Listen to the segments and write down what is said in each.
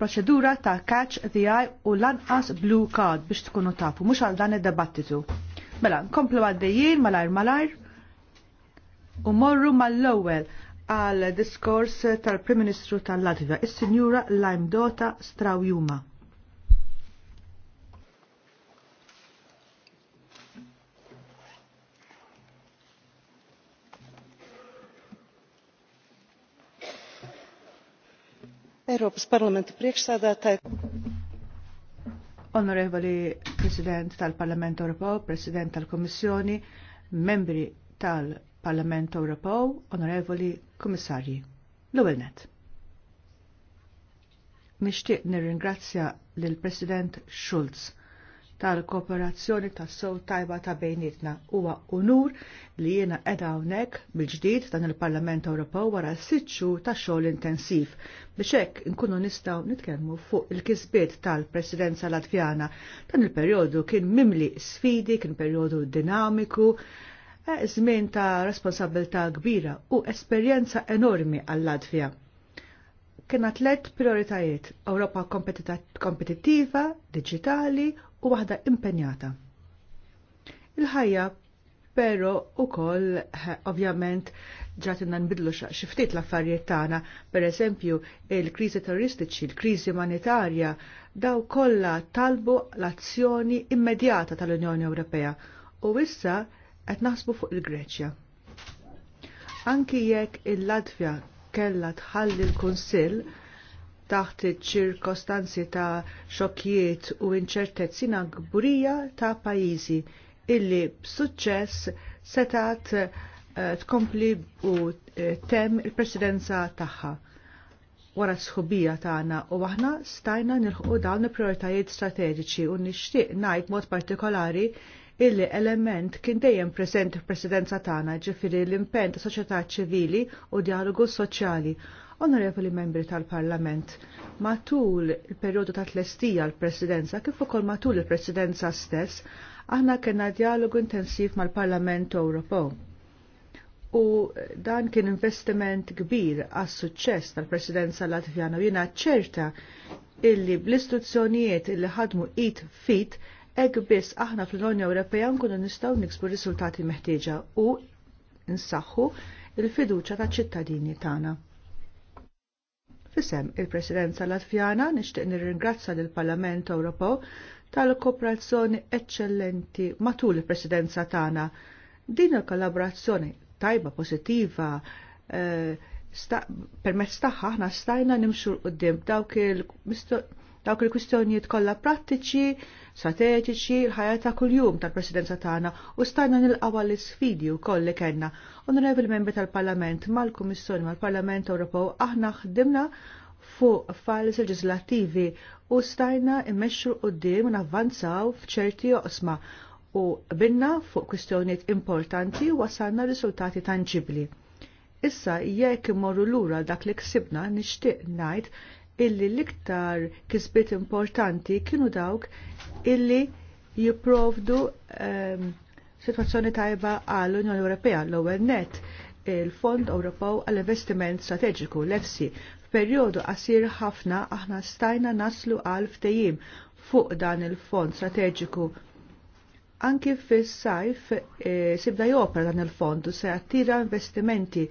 proċedura ta' catch the eye u lanqas blue card biex tkunu tafu, mux għal dan id-debattitu. Mela, komplu għaddejjien malajr malajr u morru mal-lowel għal diskors tal-Prim Ministru tal-Latvija, is-Sinjura Lajmdota Strawjuma. Onorevoli President tal-Parlament Ewropew, President tal-Kommissjoni, membri tal-Parlament Ewropew, Onorevoli Kommissarji. L-ewwel net. Nixtieq nirringrazzja lill President Schulz tal-kooperazzjoni tas-sow tajba ta' bejnietna. Huwa unur li jiena qiegħda hawnhekk mill-ġdid dan il-Parlament Ewropew wara s xhur ta' xogħol intensiv biex hekk inkunu nistgħu nitkellmu fuq il-kisbiet tal-Presidenza Latvjana. Dan il-perjodu kien mimli sfidi, kien perjodu dinamiku, e żmien ta' responsabilità kbira u esperjenza enormi għall-Latvja kien tlet prioritajiet Ewropa kompetittiva, digitali u waħda impenjata. Il-ħajja pero u koll eh, ovvjament ġatinna nbidlu xiftit l-affarijiet tagħna, per eżempju il-kriżi terroristiċi, il-kriżi umanitarja, daw kollha talbu l-azzjoni immedjata tal-Unjoni Ewropea u issa qed naħsbu fuq il-Greċja. Anki jekk il-Latvja kellha tħalli l-Kunsill taħt ċirkostanzi ta' xokkijiet u inċertezzina gburija ta' pajizi illi b'suċċess setat eh, tkompli u eh, tem il-presidenza tagħha. Wara sħubija tagħna u aħna stajna nilħu dawn il-prioritajiet strateġiċi u nixtieq ngħid mod partikolari illi element kien dejjem preżenti f'presidenza tagħna ġifieri l-impenn ta' soċjetà ċivili u dialogu soċjali Onorevoli membri tal-Parlament, matul il-periodu ta' tlestija l-Presidenza kif ukoll matul il-Presidenza stess, aħna kena dialogu intensiv mal-Parlament Ewropew. U dan kien investiment kbir għas suċċess tal-Presidenza Latvjana u jiena ċerta illi bl-istruzzjonijiet illi ħadmu it fit Ek biss aħna fl-Unjoni Ewropea nkunu nistgħu niksbu r-riżultati meħtieġa u nsaħħu il-fiduċja taċ-ċittadini tagħna. Fisem il-Presidenza Latvjana nixtieq nirringrazza lill parlament Ewropew tal-kooperazzjoni eccellenti matul il-Presidenza tagħna. Din il-kollaborazzjoni tajba pożittiva eh, permezz tagħha aħna stajna nimxu qudiem dawk il dawk il-kwistjonijiet kollha prattiċi, strateġiċi, l-ħajja ta' kuljum tal-presidenza tagħna u stajna nilqgħu l sfidi wkoll li kellna. Onorevoli membri tal-Parlament mal-Kummissjoni mal-Parlament Ewropew aħna ħdimna fuq files leġislattivi u stajna immexxu qudiem u navvanzaw f'ċerti oqsma u binna fuq kwistjonijiet importanti u wasalna riżultati tanġibli. Issa jekk imorru lura dak li ksibna nixtieq ngħid illi l-iktar kisbiet importanti kienu dawk illi jipprovdu um, situazzjoni tajba għall unjoni Ewropea l-ewwel net il-Fond Ewropew għall-Investiment Strateġiku l-EFSI. F'perjodu qasir ħafna aħna stajna naslu għal ftejim fuq dan il-fond strateġiku anki fis-sajf e, sibda jopra dan il-fond u se attira investimenti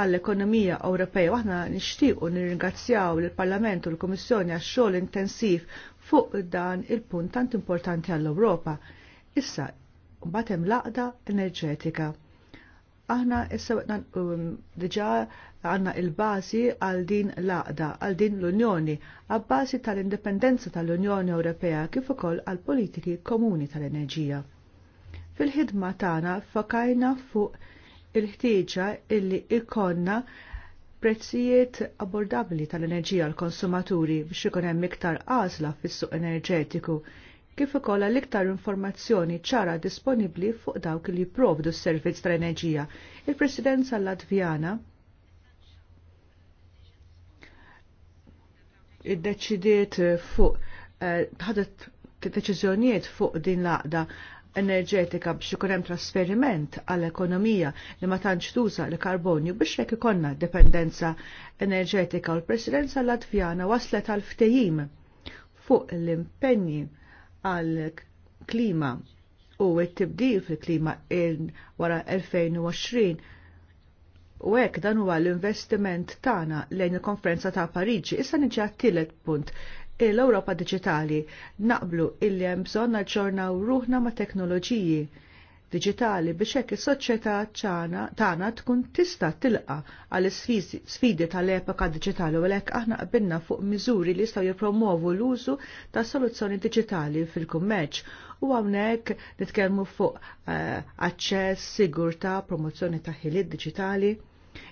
għall-ekonomija Ewropea. Aħna nixtiequ nirringrazzjaw lill-Parlament u l-Kummissjoni għax xogħol intensiv fuq dan il-punt tant importanti għall-Ewropa. Issa, mbagħad hemm laqda enerġetika. Aħna issa um, diġà għandna il-bażi għal din laqda, għal din l-Unjoni, għabbażi tal-indipendenza tal-Unjoni Ewropea kif ukoll għall politiki komuni tal-enerġija. Fil-ħidma tagħna fokajna fuq il-ħtieġa illi ikonna prezzijiet abordabbli tal-enerġija l konsumaturi biex ikun hemm iktar għażla fis-suq enerġetiku kif ukoll l-iktar informazzjoni ċara disponibbli fuq dawk li jipprovdu s-servizz tal-enerġija. Il-Presidenza Latvjana iddeċidiet fuq eh, ħadet deċiżjonijiet fuq din l-aqda enerġetika biex ikun hemm trasferiment għall ekonomija li ma tantx tuża l-karbonju biex jekk ikonna dependenza enerġetika u l-Presidenza Latvjana waslet għal ftehim fuq l-impenji għal klima u t-tibdil fil-klima wara 2020 u hekk dan huwa l-investiment tagħna lejn il-Konferenza ta' Pariġi. Issa niġi għat-tielet punt l-Ewropa Digitali naqblu illi hemm bżonn naġġornaw ruħna ma' teknoloġiji digitali biex hekk is-soċjetà tagħna tkun tista' tilqa għal sfidi tal-epoka diġitali u għalhekk aħna qbilna fuq miżuri li jistgħu jippromovu l-użu ta' soluzzjoni diġitali fil-kummerċ u hawnhekk nitkellmu fuq eh, aċċess, sigurtà, promozzjoni ta' ħiliet diġitali.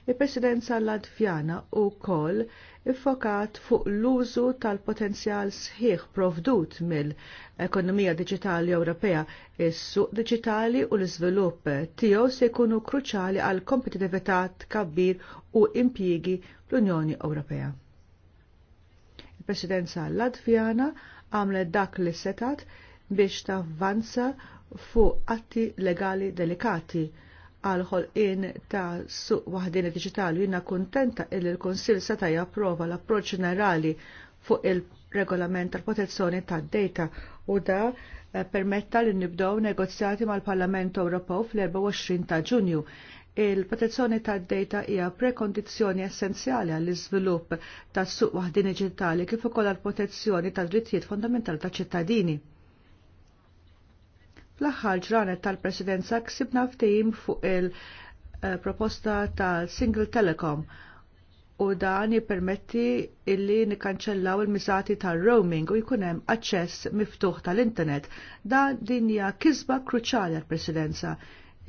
Il-Presidenza Latvjana u koll iffokat fuq l-użu tal-potenzjal sħiħ provdut mill-ekonomija digitali Ewropea. Is-suq digitali u l-iżvilupp tiegħu se jkunu kruċali għal kompetitività tkabbir u impjiegi l-Unjoni Ewropea. Il-Presidenza Latvjana għamlet dak li setat biex tavvanza fuq atti legali delikati għal ħolqien ta' suq waħdini digitali jina kuntenta il l-Konsil seta' japprova l-approċ ġenerali fuq il-regolament tal-protezzjoni tad-data u da eh, permetta li nibdow negozjati mal-Parlament Ewropew fl-24 ta' Ġunju. Il-protezzjoni tad-data hija prekondizzjoni essenzjali għall iżvilupp tas suq waħdini digitali kif ukoll għall protezzjoni tad-drittijiet fondamentali ta' ċittadini. Fl-aħħar ġranet tal-Presidenza ksibna ftehim fuq il-proposta tal-Single Telecom u dan jippermetti illi nikkanċellaw il-miżati tal-roaming u jkun hemm aċċess miftuħ tal-internet. Dan din hija kisba kruċjali għall-Presidenza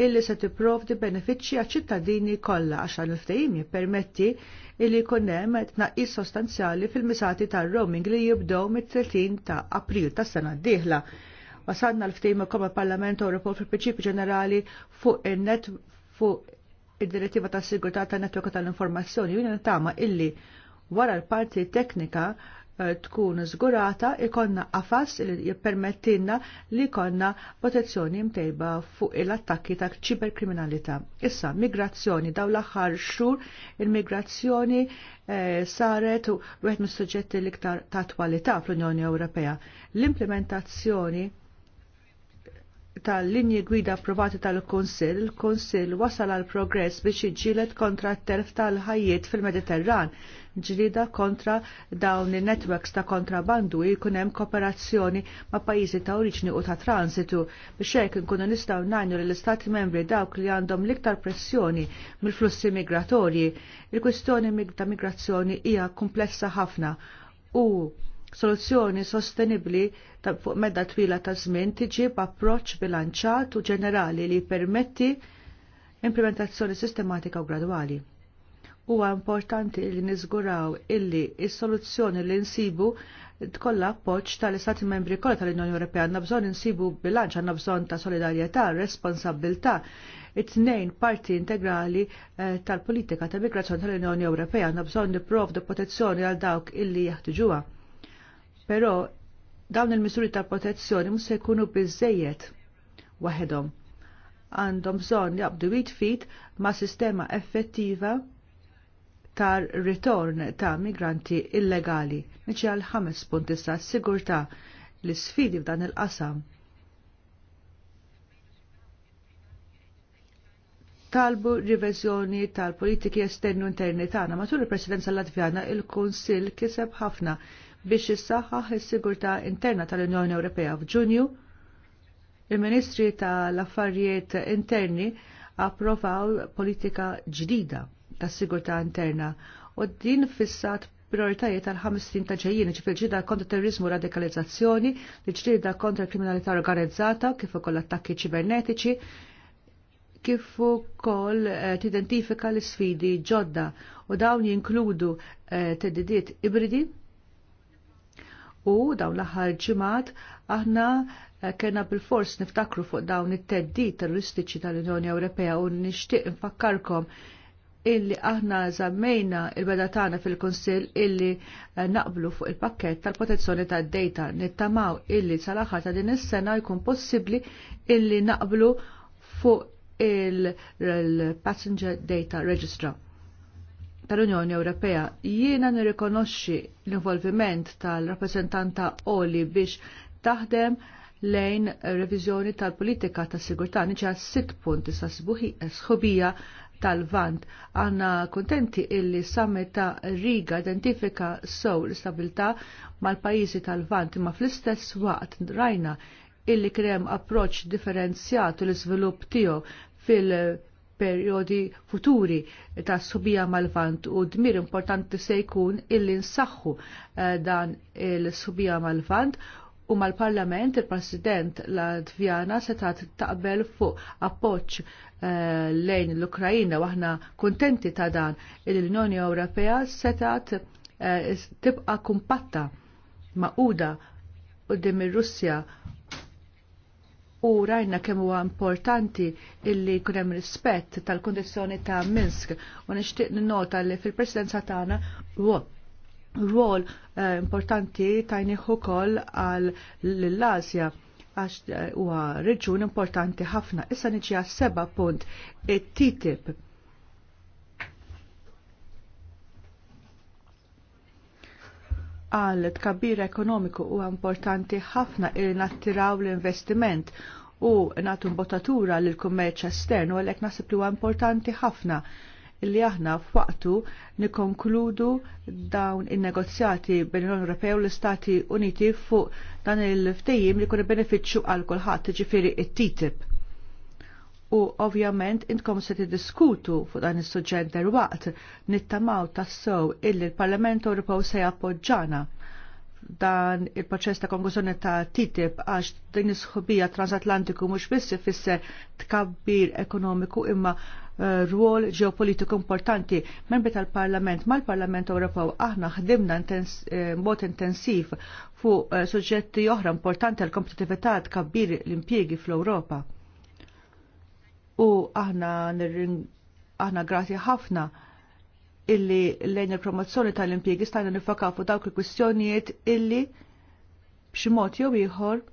illi se tipprovdi benefiċċji għaċ ċittadini kollha għax dan il-ftehim jippermetti illi jkun hemm tnaqqis sostanzjali fil-misati tar-roaming li jibdew mit-30 ta' April tas-sena d-dieħla. Wasadna l-ftejma koma Parlament Ewropew fil principi ġenerali fuq il-net fuq id-direttiva ta' sigurtà ta' netwerk tal-informazzjoni. Jina tama illi wara l-parti teknika eh, tkun zgurata ikonna qafas li jippermettilna li konna protezzjoni mtejba fuq il-attakki ta' ċiberkriminalità. Issa, migrazzjoni daw l-aħħar xhur il-migrazzjoni eh, saret saret wieħed mis-suġġetti l-iktar ta' twalità fl-Unjoni Ewropea. L-implementazzjoni tal-linji gwida approvati tal-Konsil, il-Konsil wasal għal progress biex iġġielet kontra t-telf tal-ħajiet fil-Mediterran, ġlida kontra dawn il-networks ta' kontrabandu jkun hemm kooperazzjoni ma' pajjiżi ta' oriġni u ta' transitu biex nkunu inkunu nistgħu li l istati membri dawk li għandhom l-iktar pressjoni mill-flussi migratorji. Il-kwistjoni ta' migrazzjoni hija komplessa ħafna u soluzzjoni sostenibli fuq medda twila ta' żmien tiġi b'approċċ bilanċat u ġenerali li permetti implementazzjoni sistematika u gradwali. Huwa importanti li niżguraw illi is-soluzzjoni li nsibu tkollha appoġġ tal-Istati Membri kollha tal-Unjoni Ewropea għandna bżonn insibu bilanċ għandna bżonn ta' solidarjetà, responsabilità, it-tnejn parti integrali eh, tal-politika ta' migrazzjoni tal-Unjoni Ewropea għandna bżonn nipprovdu protezzjoni għal dawk illi jaħtiġuha Però dawn il-misuri ta' protezzjoni mhux se jkunu biżejjed waħedhom. Għandhom bżonn jaqbdu jitfit ma' sistema effettiva tar ritorn ta' migranti illegali. Nċi għal ħames punti sa' sigurtà l sfidi f'dan il-qasam. talbu riveżjoni tal-politiki esternu interni tagħna matul il-Presidenza Latvjana il-Kunsill kiseb ħafna biex issaħħaħ is-sigurtà interna tal-Unjoni Ewropea f'Ġunju. Il-Ministri tal-Affarijiet Interni approvaw politika ġdida tas-sigurtà interna u din fissat prioritajiet tal ħames ta' ġejjin, ġifil ġida kontra terrorizmu radikalizzazzjoni, li ġdida kontra kriminalità organizzata, kif ukoll attakki ċibernetiċi, kif ukoll eh, tidentifika l-sfidi ġodda u dawn jinkludu eh, teddidiet ibridi u dawn l-aħħar ġimgħat aħna eh, kena bil-fors niftakru fuq dawn it-teddit terroristiċi tal-Unjoni Ewropea u nixtieq infakkarkom illi aħna żammejna il-beda tagħna fil-Kunsill illi eh, naqblu fuq il-pakkett tal-protezzjoni tad-dejta nittamaw illi sal-aħħar ta' din is-sena jkun possibbli illi naqblu fuq il-Passenger Data Registra tal-Unjoni Ewropea. Jiena nirrikonoxxi l-involviment tal-rappreżentanta Oli biex taħdem lejn reviżjoni tal-politika ta' sigurtà niġa sitt punt sa sħubija tal-vant. Għanna kontenti illi summit ta' Riga identifika sew l-istabilità mal-pajjiżi tal-vant imma fl-istess waqt rajna illi krem approċ differenzjat l-iżvilupp tiegħu fil- perjodi futuri ta' subija mal-vant u dmir importanti se jkun illi nsaħħu eh, dan il-subija mal-vant u mal-Parlament il-President Latvjana se taqbel fuq appoġġ eh, lejn l-Ukrajina u aħna kontenti ta' dan l-Unjoni Ewropea se ta' eh, tibqa' kumpatta maquda qudiem ir-Russja u rajna kemm huwa importanti illi jkun hemm rispett tal-kondizzjoni ta' Minsk u nixtieq nota li fil-presidenza tagħna rwol eh, importanti tajniħu ukoll għal asja għax eh, huwa reġun importanti ħafna. Issa niġi għas seba punt it-TTIP għal tkabbir ekonomiku huwa importanti ħafna il nattiraw l-investiment u natu mbotatura l kummerċ esternu għalhekk naħseb li huwa importanti ħafna li aħna f'waqtu nikonkludu dawn in-negozjati bejn l-Unjoni Ewropea u l-Istati Uniti fuq dan il-ftehim li kun benefiċċju għal kulħadd, ġifieri it-TTIP u ovvjament intkom se tiddiskutu fuq dan is-suġġett derwaqt nittamaw tassew illi l-Parlament Ewropew se jappoġġana dan il-proċess ta' konklużjoni ta' TTIP għax din is-sħubija transatlantiku mhux biss ifisser tkabbir ekonomiku imma eh, rwol ġeopolitiku importanti. Membri tal-Parlament, mal-Parlament Ewropew aħna ħdimna eh, mod intensiv fuq eh, suġġetti oħra importanti għal kompetitività tkabbir l-impjiegi fl-Ewropa u aħna aħna grati ħafna illi lejn il-promozzjoni tal-impjegi stajna nifakafu fuq dawk il-kwistjonijiet illi b'xi mod jew ieħor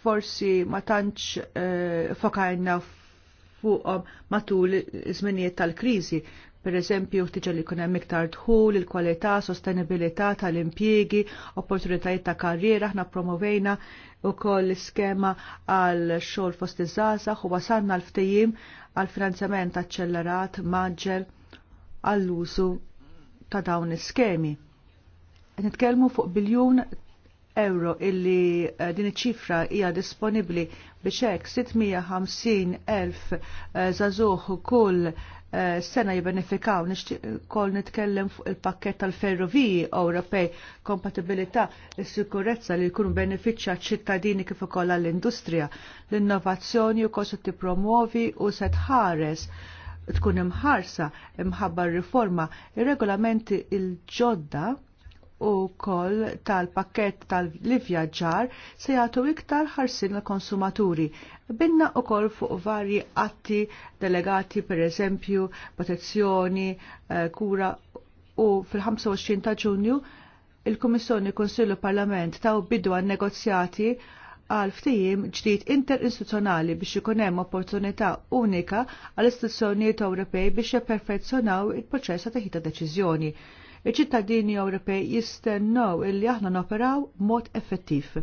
forsi ma tantx eh, fokajna fakajna fuqhom matul iż-żminijiet tal-kriżi Per eżempju, tiġa li kunem miktar dħul, il-kwalità, sostenibilità tal-impjiegi, opportunitajiet ta' karriera, ħna promovejna u koll skema għal xol fost iż-żazax u wasanna l-ftejim għal finanzjament accelerat maġġel għall-użu ta' dawn iskemi. Nitkellmu fuq biljun euro illi eh, din iċ-ċifra hija disponibbli biex hekk 650 elf żagħżugħ eh, kull eh, sena jibbenefikaw kol nitkellem fuq il-pakket tal-ferroviji Ewropej kompatibilità is-sikurezza li jkunu benefiċċja ċittadini kif ukoll għall-industrija. L-innovazzjoni wkoll se tippromuovi u se tħares tkun imħarsa imħabba r-riforma, ir-regolamenti il-ġodda l il ġodda u koll tal-pakket tal-livjaġġar se jagħtu iktar ħarsin l-konsumaturi. Binna u koll fuq varji atti delegati per eżempju protezzjoni, eh, kura u fil-25 ta' ġunju il-Komissjoni Konsillu Parlament taw bidu għan negozjati għal ftijim ġdid interinstituzzjonali biex ikun hemm opportunità unika għall istituzzjonijiet Ewropej biex jipperfezzjonaw il-proċess ta' ħita deċiżjoni iċ-ċittadini Ewropej jistennew illi aħna noperaw mod effettiv.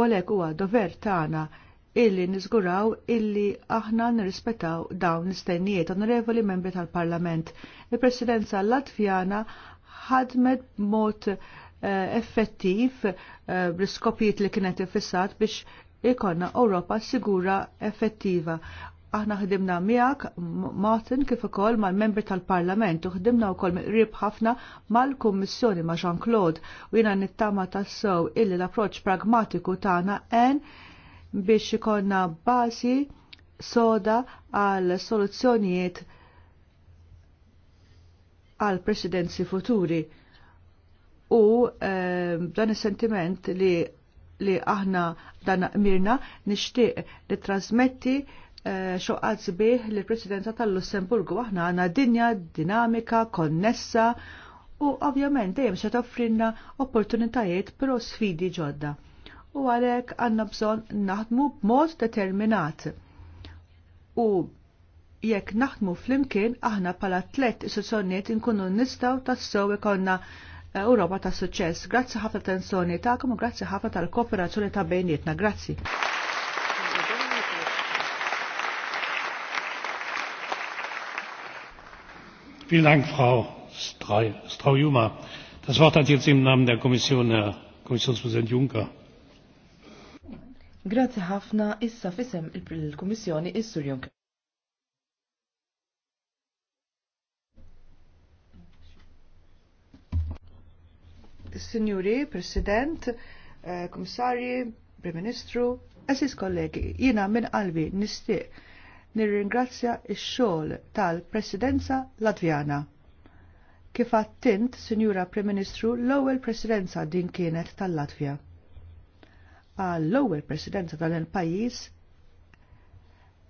Walek huwa dover tagħna illi niżguraw illi aħna nirrispettaw dawn l-istennijiet onorevoli membri tal-Parlament. Il-Presidenza Latvjana ħadmet mod eh, effettiv eh, bl-iskopijiet li kienet ifissat biex ikonna Ewropa sigura effettiva aħna ħdimna miegħek Martin kif ukoll mal-membri tal-Parlament u ħdimna wkoll qrib ħafna mal-Kummissjoni ma' Jean-Claude u jiena nittama tassew illi l-approċċ pragmatiku tagħna en biex ikonna bażi soda għal soluzzjonijiet għal presidenzi futuri. U eh, dan is-sentiment li li aħna dan mirna nixtieq li trasmetti Eh, xoqqat sbieħ li presidenza tal-Lussemburgu aħna għandna dinja dinamika, konnessa u ovvjament dejjem se toffrinna opportunitajiet però sfidi ġodda. U għalhekk għandna bżonn naħdmu b'mod determinat. U jekk naħdmu flimkien aħna bħala tliet istituzzjonijiet inkunu nistgħu tassew ikonna Europa eh, ta' suċċess. Grazzi ħafna tensjoni tagħkom u grazzi ħafna tal-kooperazzjoni ta' bejnietna. Grazzi. Vielen Dank, Frau Straujuma. Das Wort hat jetzt im Namen der Kommission Herr äh, Kommissionspräsident Juncker. Grazie ħafna issa fisem il-Kummissjoni issur Juncker. Signori, President, eh, Kommissari, Prim Ministru, Assis kollegi, jina minn qalbi nistiq nirringrazzja ix-xogħol tal-Presidenza Latvjana. Kif attint, Sinjura Prim Ministru, l-ewwel Presidenza din kienet tal-Latvja. Għal l ewwel Presidenza tal il-pajjiż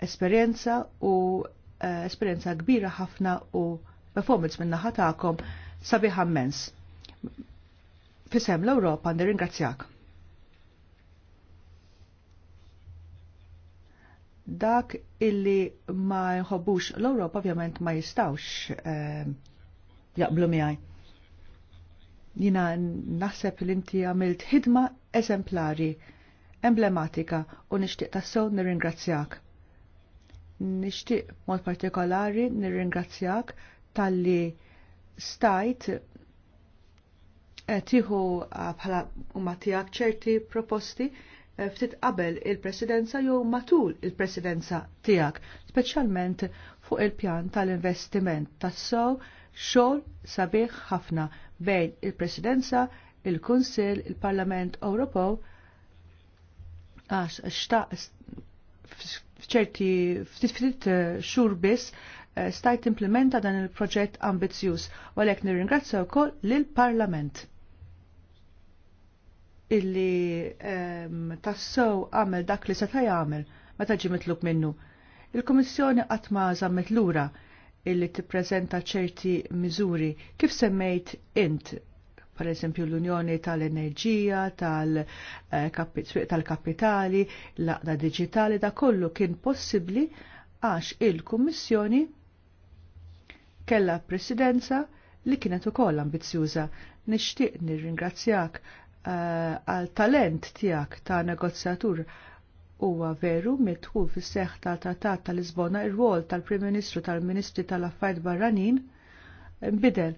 esperjenza u eh, esperjenza kbira ħafna u performance minn naħa tagħkom sabiħ ammens. Fisem l-Ewropa nirringrazzjak. dak illi ma jħobbux l-Europa ovvjament ma jistawx eh, jaqblu miħaj. Jina naħseb li inti għamilt ħidma eżemplari, emblematika u nishtiq tassew nirringrazzjak. Nishtiq mod partikolari nirringrazzjak tal-li stajt eh, tiħu ah, bħala u ċerti proposti ftit qabel il-presidenza jew matul il-presidenza tiegħek, speċjalment fuq il-pjan tal-investiment tas-sow xogħol sabiħ ħafna bejn il-presidenza, il-Kunsill, il-Parlament Ewropew għax xtaq fċerti ftit eh, xhur biss eh, stajt implementa dan il-proġett ambizzjuż u għalhekk nirringrazzja wkoll lill-Parlament illi um, ehm, tassow għamel dak li seta' jagħmel meta taġi mitlub minnu. Il-Komissjoni qatt ma l lura illi tippreżenta ċerti miżuri kif semmejt int per esempio l-Unjoni tal-Enerġija, eh, tal-Kapitali, l-Aqda Digitali, da kollu kien possibli għax il-Kummissjoni kella presidenza li kienet ukoll ambizzjuża. Nixtieq nirringrazzjak Eh, għal talent tiegħek ta' negozjatur huwa veru mitħu fis seħħ tal-Tratat tal-Lisbona ir-rwol tal-Prim Ministru tal-Ministri tal-Affarijiet Barranin bidel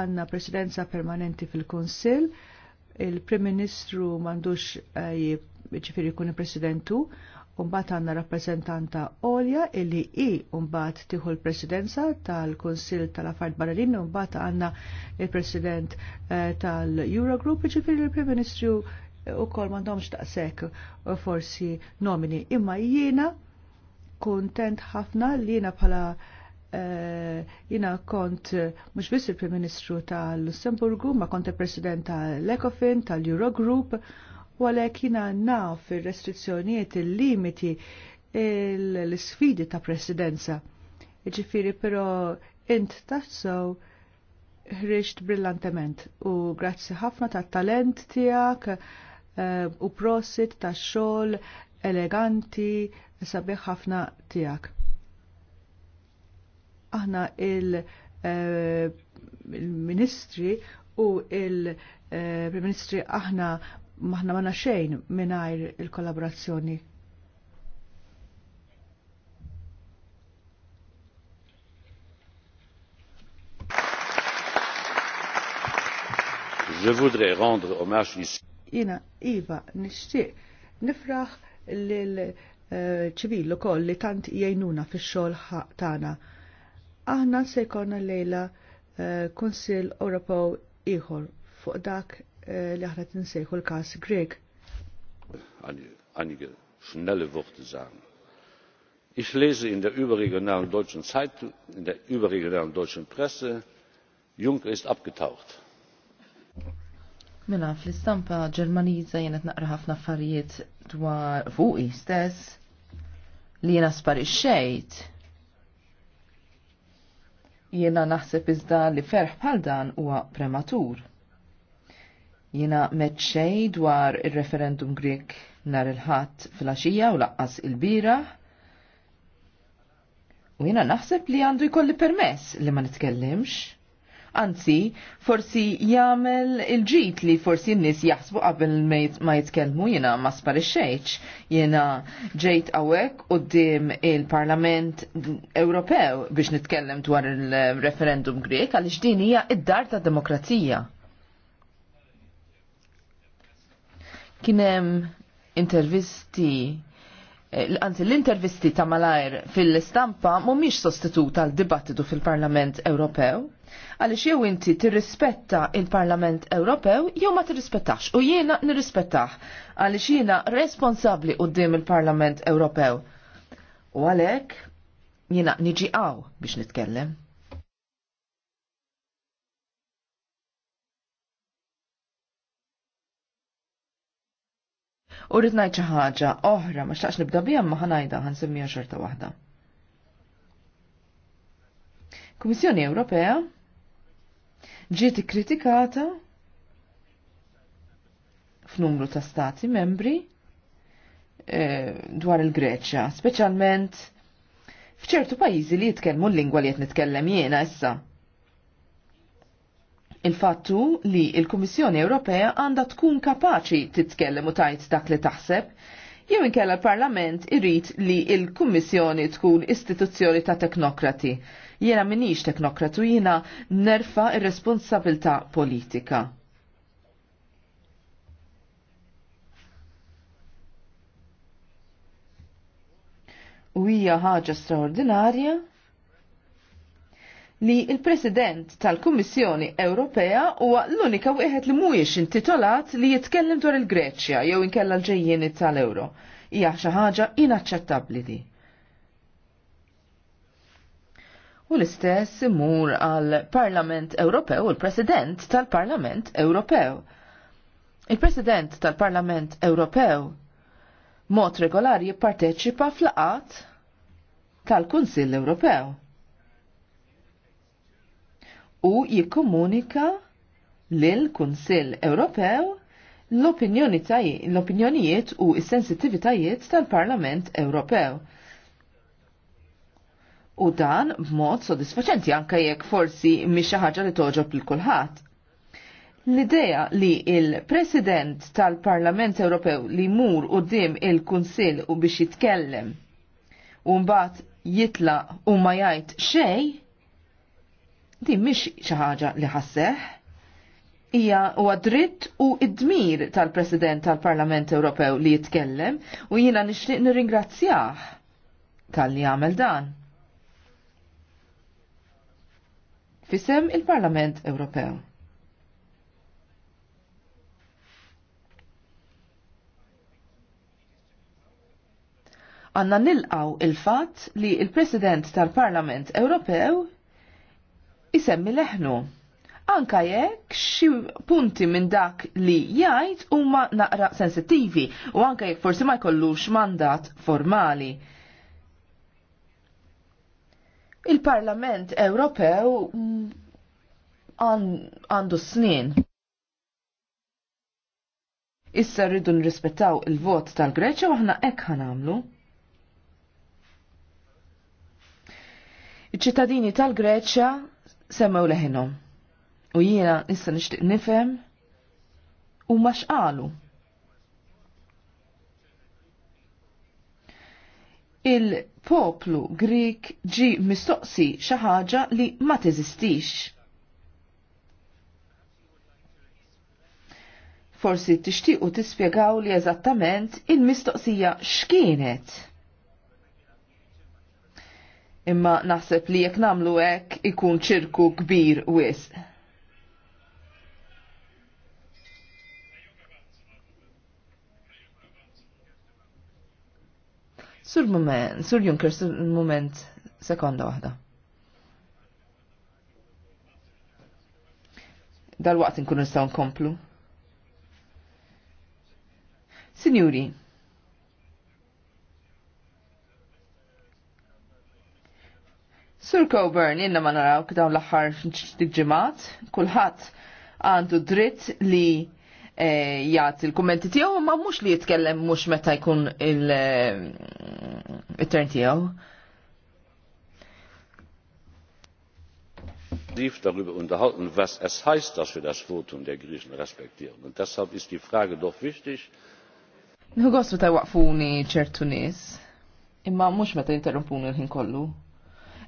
għandna presidenza permanenti fil-Kunsill, il-Prim Ministru m'għandux eh, ġifieri jkun il-Presidentu, Umbat għanna rappresentanta Olja illi i umbat tiħu l-presidenza tal-Konsil tal affarid Barralin umbat għanna il-president eh, tal-Eurogroup, ġifiri l prim Ministru eh, u kol mandomx taqsek eh, forsi nomini. Imma jiena kontent ħafna li jiena bħala jina kont mux biss il-Prim Ministru tal-Lussemburgu, ma kont il-President tal-Ecofin, tal-Eurogroup, tal tal ecofin tal eurogroup U għalhekk jiena naf ir-restrizzjonijiet il-limiti l-sfidi ta' presidenza. Iġifiri però int tassow ħriġt brillantement u grazzi ħafna tat talent tiegħek eh, u prosit tax xogħol eleganti sabiħ ħafna tiegħek. Aħna eh, il-ministri u il-Prim-Ministri eh, aħna maħna ma xejn mingħajr il-kollaborazzjoni. Je voudrais rendre hommage ici. Jina, Iva, nixtieq nifraħ l-ċivil eh, ukoll li tant jgħinuna fix-xogħol tagħna. Aħna se jkollna lejla eh, Kunsill Ewropew ieħor fuq dak Eh, li aħna tinsejħu l kas Greg. Einige schnelle Worte sagen. Ich lese in der überregionalen deutschen Zeitung, in der überregionalen deutschen Presse, Juncker ist abgetaucht. Mela, fl-istampa ġermaniza jenet naqra ħafna affarijiet dwar fuq istess li jena xejt Jena naħseb iżda li ferħ bħal dan huwa prematur. Jina meċċej dwar il-referendum Grek nar il-ħat fil-axija u laqqas il-bira. U jina naħseb li għandu jkolli permess li ma nitkellimx. Anzi, forsi jagħmel il-ġit li forsi n-nies jaħsbu qabel ma jitkellmu jiena ma sparixxejx. Jiena ġejt u quddiem il-Parlament Ewropew biex nitkellem dwar il-referendum Grek għaliex din hija id-dar tad demokrazija. Kienem intervisti eh, Anzi, l-intervisti ta' malajr fil-stampa mumiex sostituta għal dibattitu fil-Parlament Ewropew, għalix jew inti tirrispetta il-Parlament Ewropew jew ma tirrispettax u jiena nirrispettax għalix jiena responsabli d-dim il-Parlament Ewropew. U għalek jiena niġi għaw biex nitkellem. U rrid ngħid xi ħaġa oħra ma xtaqx nibda biha ma ħanajda ħansemmiha xorta waħda. Kummissjoni Ewropea ġiet ikkritikata f'numru ta' stati membri eh, dwar il-Greċja, speċjalment f'ċertu pajjiżi li jitkellmu l-lingwa li qed nitkellem jiena issa. Il-fattu li il-Kummissjoni Ewropea għandha tkun kapaċi titkellem u tajt dak li taħseb, jew inkella l-Parlament irrit li il-Kummissjoni tkun istituzzjoni ta' teknokrati. Jena minix teknokratu jena nerfa ir-responsabilta politika. u hija ħaġa straordinarja li il-President tal-Kummissjoni Ewropea huwa l-unika wieħed li mhuwiex intitolat li jitkellem dwar il-Greċja jew inkella l-ġejjieni tal-Ewro. Hija xi ħaġa inaċċettabbli di. u l-istess imur għal Parlament Ewropew u l-President tal-Parlament Ewropew. Il-President tal-Parlament Ewropew mod regolari jipparteċipa fl-qat tal-Kunsill Ewropew u jikkomunika lil kunsill Ewropew l-opinjonijiet u s-sensitivitajiet tal-Parlament Ewropew. U dan b'mod sodisfaċenti anka jekk forsi mhix xi ħaġa li toġob lil kulħadd. L-idea li il-President tal-Parlament Ewropew li mur u dim il-Kunsill u biex jitkellem u mbagħad jitla u ma jgħid xejn Din mhix xi ħaġa li ħasseħ hija huwa dritt u id-dmir tal-President tal-Parlament Ewropew li jitkellem u jiena nixtieq nirringrazzjah tal-li għamel dan. Fisem il-Parlament Ewropew. Għanna nilqaw il-fat li il-President tal-Parlament Ewropew isemmi leħnu. Anka jekk xi punti minn dak li jgħid huma naqra sensittivi u anka jekk forsi ma jkollux mandat formali. Il-Parlament Ewropew għandu snin. Issa rridu nrispettaw il-vot tal-Greċa u aħna hekk ħanamlu. Iċ-ċittadini tal-Greċja semmew leħinom. U jiena issa nixtieq nifhem u ma xqalu. Il-poplu Grik ġi mistoqsi xi ħaġa li ma teżistix. Forsi tixtiequ tispjegaw li eżattament il-mistoqsija x'kienet. Imma naħseb li jekk nagħmlu hekk ikun ċirku kbir wis. Sur moment, sur Junker, sur moment, sekonda waħda. Dal-waqt nkunu nistgħu nkomplu. Signori, Sir Coburn, inna ma naraw dawn l-axar ġimat, kullħat għandu dritt li eh, jgħat il-kommenti tijaw, ma mux li jitkellem mux meta jkun il-turn eh, tijaw. intensiv darüber unterhalten was es heißt dass wir das votum der griechen respektieren. und deshalb ist die frage doch wichtig. Nħu għos meta waqfuni ċertu nis, imma mux meta jinterrumpuni l-ħin kollu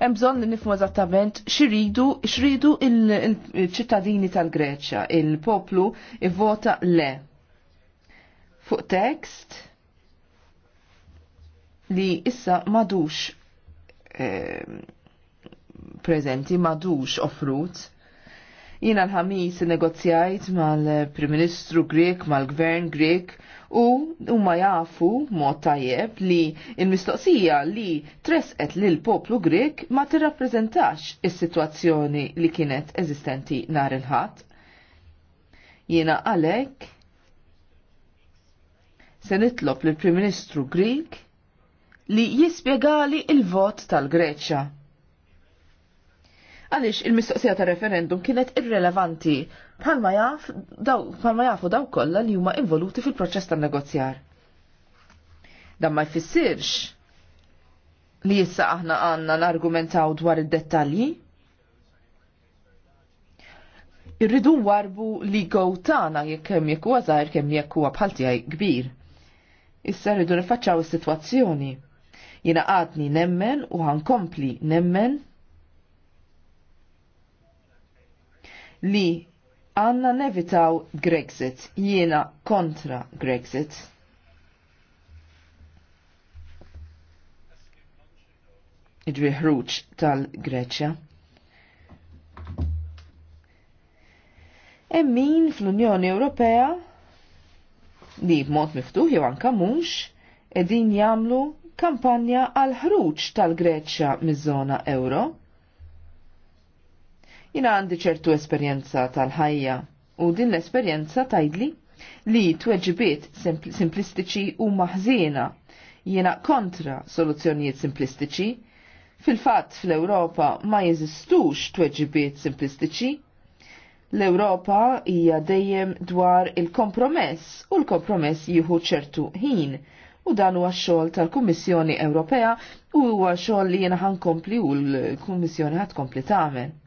hemm bżonn li nifhmu eżattament x'iridu x'ridu il-ċittadini tal-Greċja, il-poplu ivvota le. Fuq tekst li issa madux ehm, prezenti, madux offrut. Jina l-ħamis negozjajt mal-Prim Ministru Grek, mal-Gvern Grek, u huma jafu mod tajjeb li il-mistoqsija li tresqet lil poplu Grek ma tirrappreżentax is-sitwazzjoni li kienet eżistenti nhar il-ħadd. Jiena għalhekk se nitlob lill prim Ministru Grieg li jispjegali il-vot tal-Greċja. Għaliex il-mistoqsija ta' referendum kienet irrelevanti palma jaf, daw, palma jafu daw kolla li huma involuti fil-proċess tan negozjar Dan ma jfissirx li jissa aħna għanna nargumentaw dwar id-dettalji. Irridu warbu li gow tana jekk kemm jekk huwa jekku kemm jekk huwa kbir. Issa rridu nifacċaw is-sitwazzjoni. Jiena għadni nemmen u ħankompli nemmen li għanna nevitaw Grexit, jiena kontra Grexit. id tal-Greċja. Emmin fl-Unjoni Ewropea li b'mod miftuħ jew anka mhux qegħdin jagħmlu kampanja għal ħruġ tal-Greċja miż-żona euro. Jina għandi ċertu esperjenza tal-ħajja u din l-esperjenza tajdli li tweġibiet simplistiċi u maħżina. Jina kontra soluzzjonijiet simplistiċi. Fil-fatt fl-Europa ma jeżistux tweġibiet simplistiċi. L-Europa hija dejjem dwar il-kompromess u l-kompromess jieħu ċertu ħin u dan huwa xogħol tal-Kummissjoni Ewropea u huwa xogħol li jiena ħankompli u l-Kummissjoni ħad kompli tagħmel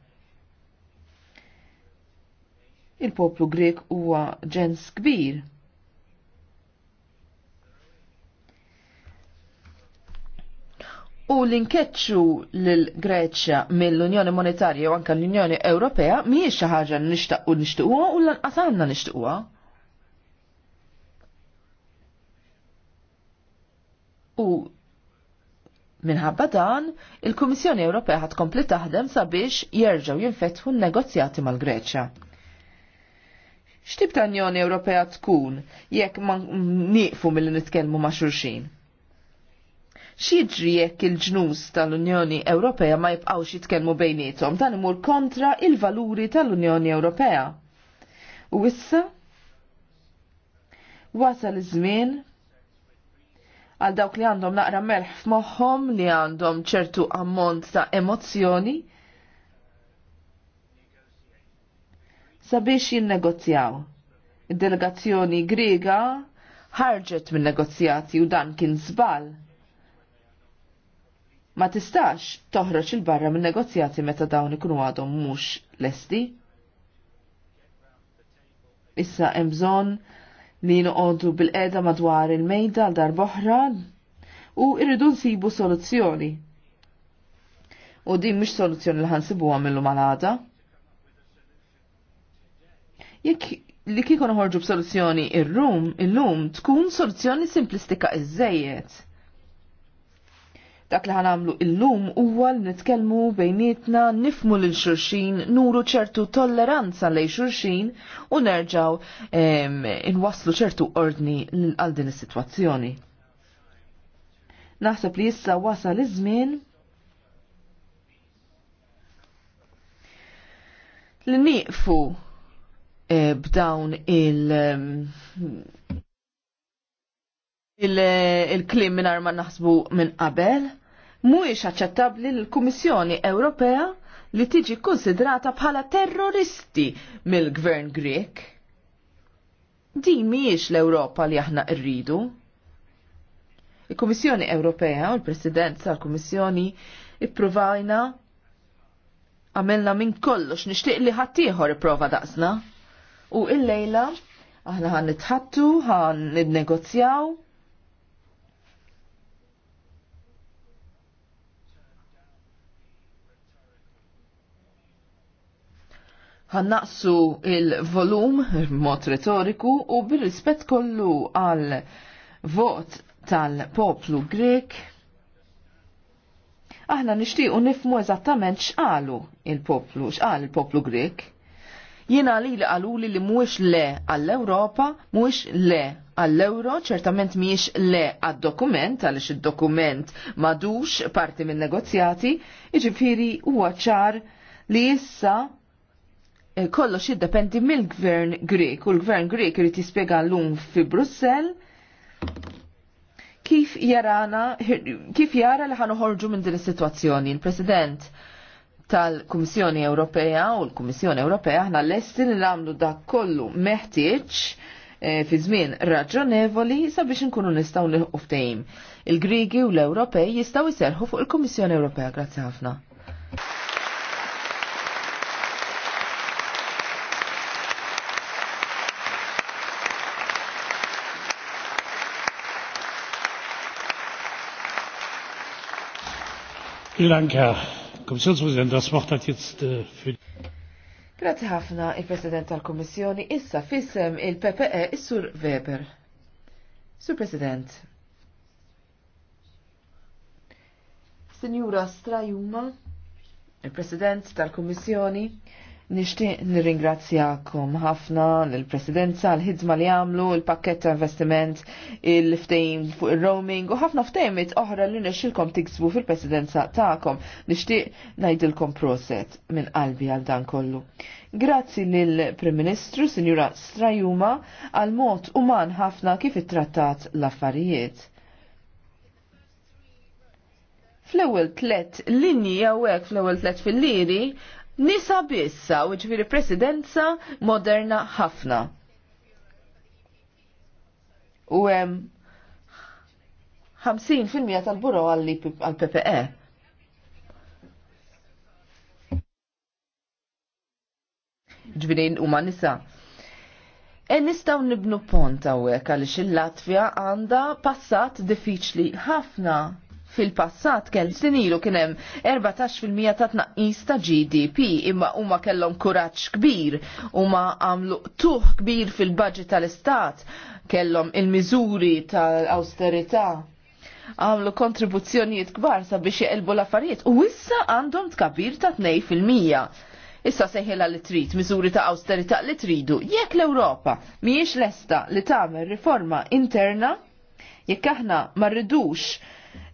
il-poplu Grek huwa ġens kbir. U l-inkeċċu l-Greċja mill-Unjoni Monetarja u anka l-Unjoni Ewropea mhijiex xi ħaġa nixtaq u nixtiquha u lanqas għandna nixtiquha. U Minħabba dan, il-Kummissjoni Ewropea ħatkompli taħdem sabiex jerġgħu jinfetħu n-negozjati mal-Greċja. X'tib ta' Unjoni Ewropea tkun jekk ma nieqfu milli nitkellmu ma' xulxin? X'jiġri jekk il-ġnus tal-Unjoni Ewropea ma jibqgħux jitkellmu bejniethom dan imur kontra il-valuri tal-Unjoni Ewropea. U issa wasal iż-żmien għal dawk li għandhom naqra melħ f'moħħom li għandhom ċertu ammont ta' emozzjoni sabiex jinnegozjaw. Id-delegazzjoni Griega ħarġet minn negozjati u dan kien zbal. Ma tistax toħroġ il-barra minn negozjati meta dawn ikunu għadhom mhux lesti. Issa hemm bżonn li noqogħdu bil-qeda madwar il-mejda għal darb'oħra u irridu nsibu soluzzjoni. U din mhix soluzzjoni li ħansibuha millu mal-għada. Jekk li kikun b b'soluzzjoni il rum il-lum tkun soluzzjoni simplistika iżejjed. Dak li ħanamlu il-lum huwa li nitkellmu bejnietna nifmu lil xurxin, nuru ċertu tolleranza lej xurxin u nerġaw inwaslu ċertu ordni għal din is-sitwazzjoni. Naħseb li issa wasal iż-żmien li nieqfu E, b'dawn il- e, il-klim minn ma naħsbu minn qabel, mhuwiex aċċettabbli l-Kummissjoni Ewropea li tiġi konsidrata bħala terroristi mill-Gvern Grek. Din mhijiex l-Ewropa li aħna rridu. Il-Kummissjoni Ewropea u l-President tal-Kummissjoni ippruvajna għamilna minn kollox nixtieq li ħaddieħor ipprova daqsna u il-lejla, aħna ħan nitħattu, ħan nid-negozjaw. ħan naqsu il-volum mod retoriku u bil-rispett kollu għal vot tal-poplu Grek aħna nixtiequ nifmu eżattament x'qalu il-poplu, x'qal il-poplu Grek. Jiena li li għaluli li mhuwiex le għall-Ewropa, mhuwiex le għall-euro, ċertament miex le għad-dokument, għalix il-dokument madux parti minn negozjati, iġifiri huwa ċar li issa eh, kollox jiddependi mill-gvern Grek u l-gvern Grek irid jispjega l-lum fi Brussell kif jarana kif jara li ħanuħorġu minn din is-sitwazzjoni. Il-President tal-Kummissjoni Ewropea u l-Kummissjoni Ewropea aħna lesti li nagħmlu dak kollu meħtieġ eh, fi żmien raġonevoli sabiex inkunu nistgħu nilħu Il-Grigi u l-Ewropej jistgħu jiserħu fuq il-Kummissjoni Ewropea. Grazzi ħafna. Lanka. Kommissionspräsident, das Wort hat jetzt äh, für Grazzi ħafna il-President tal-Kommissjoni issa fissem il-PPE is-Sur Weber. Sur President. Signura Strajuma, il-President tal-Kommissjoni, Nishtiq nirringrazzjakom ħafna l-Presidenza, l-ħidma li għamlu, l pakketta ta' investiment, il-ftejm fuq il-roaming u ħafna ftejmit oħra li nixilkom tiksbu fil-Presidenza ta'kom. Nishtiq najdilkom proset minn qalbi għal dan kollu. Grazzi lill-Prim Ministru, Sinjura Strajuma, għal mod uman ħafna kif it-trattat l-affarijiet fl-ewwel tlet linji għawek fl-ewwel tlet fil-liri nisa bissa u ġifiri presidenza moderna ħafna. U hemm 50% tal-buro għal ppe Ġbinin u ma nisa. E nistaw nibnu pont għawek għal il-Latvja għanda passat diffiċli ħafna fil-passat kell sinilu kienem 14% ta' tnaqqis ta' GDP imma huma kellhom kuraġġ kbir huma għamlu tuħ kbir fil-budget tal-istat kellhom il-miżuri tal-austerità għamlu kontribuzzjonijiet kbar sabiex jeqelbu l-affarijiet u issa għandhom tkabir ta' 2%. Issa seħela li trid miżuri ta' austerità li tridu. Jekk l-Ewropa mhijiex lesta li tagħmel riforma interna, jekk aħna ma rridux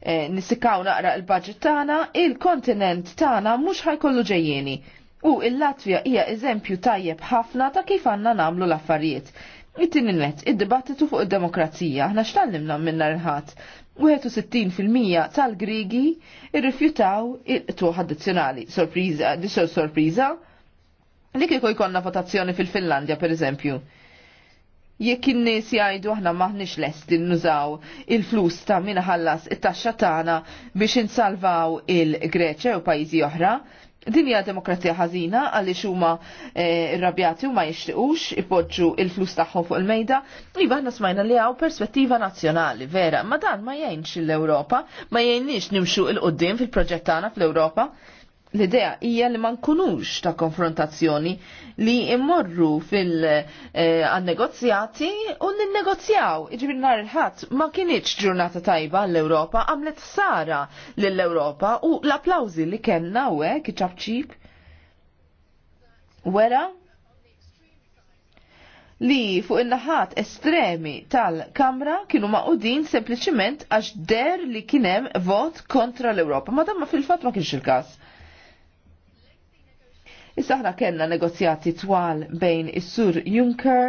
Eh, nisikaw naqra il-budget tagħna, il-kontinent tagħna mhux ħajkollu ġejjieni. U il-Latvja hija eżempju tajjeb ħafna ta' kif għandna nagħmlu l-affarijiet. It-tininet, id-dibattitu fuq id-demokrazija, aħna x'tallimna minna rħat. 61% tal-Grigi irrifjutaw il tu addizzjonali. Sorpriża, disor sorpriza. li kieku jkollna votazzjoni fil-Finlandja, per eżempju jekk in-nies jgħidu aħna maħniex lesti nużaw il-flus ta' min ħallas it-taxxa tagħna biex insalvaw il-Greċja u pajjiżi oħra, din hija demokrazija ħażina għaliex huma eh, irrabjati u ma jixtiqux ipoġġu il-flus tagħhom fuq il-mejda, iva aħna smajna li hawn perspettiva nazzjonali vera, ma dan ma jgħinx l-Ewropa, ma jgħinniex nimxu il-qudiem fil-proġett tagħna fl-Ewropa. fil fil proġett tagħna fl ewropa l-idea hija li ma nkunux ta' konfrontazzjoni li immorru fil-negozjati eh, u n-negozjaw. Iġbir nar il-ħat ma kienieċ ġurnata tajba l-Europa, għamlet sara l-Europa u l-applawzi li kena u għek ċabċib. Wera? li fuq il naħat estremi tal-Kamra kienu maqudin sempliciment għax der li kienem vot kontra l-Europa. Ma damma fil-fat ma kienx il-kas. Issa aħna kellna negozjati twal bejn is-Sur Juncker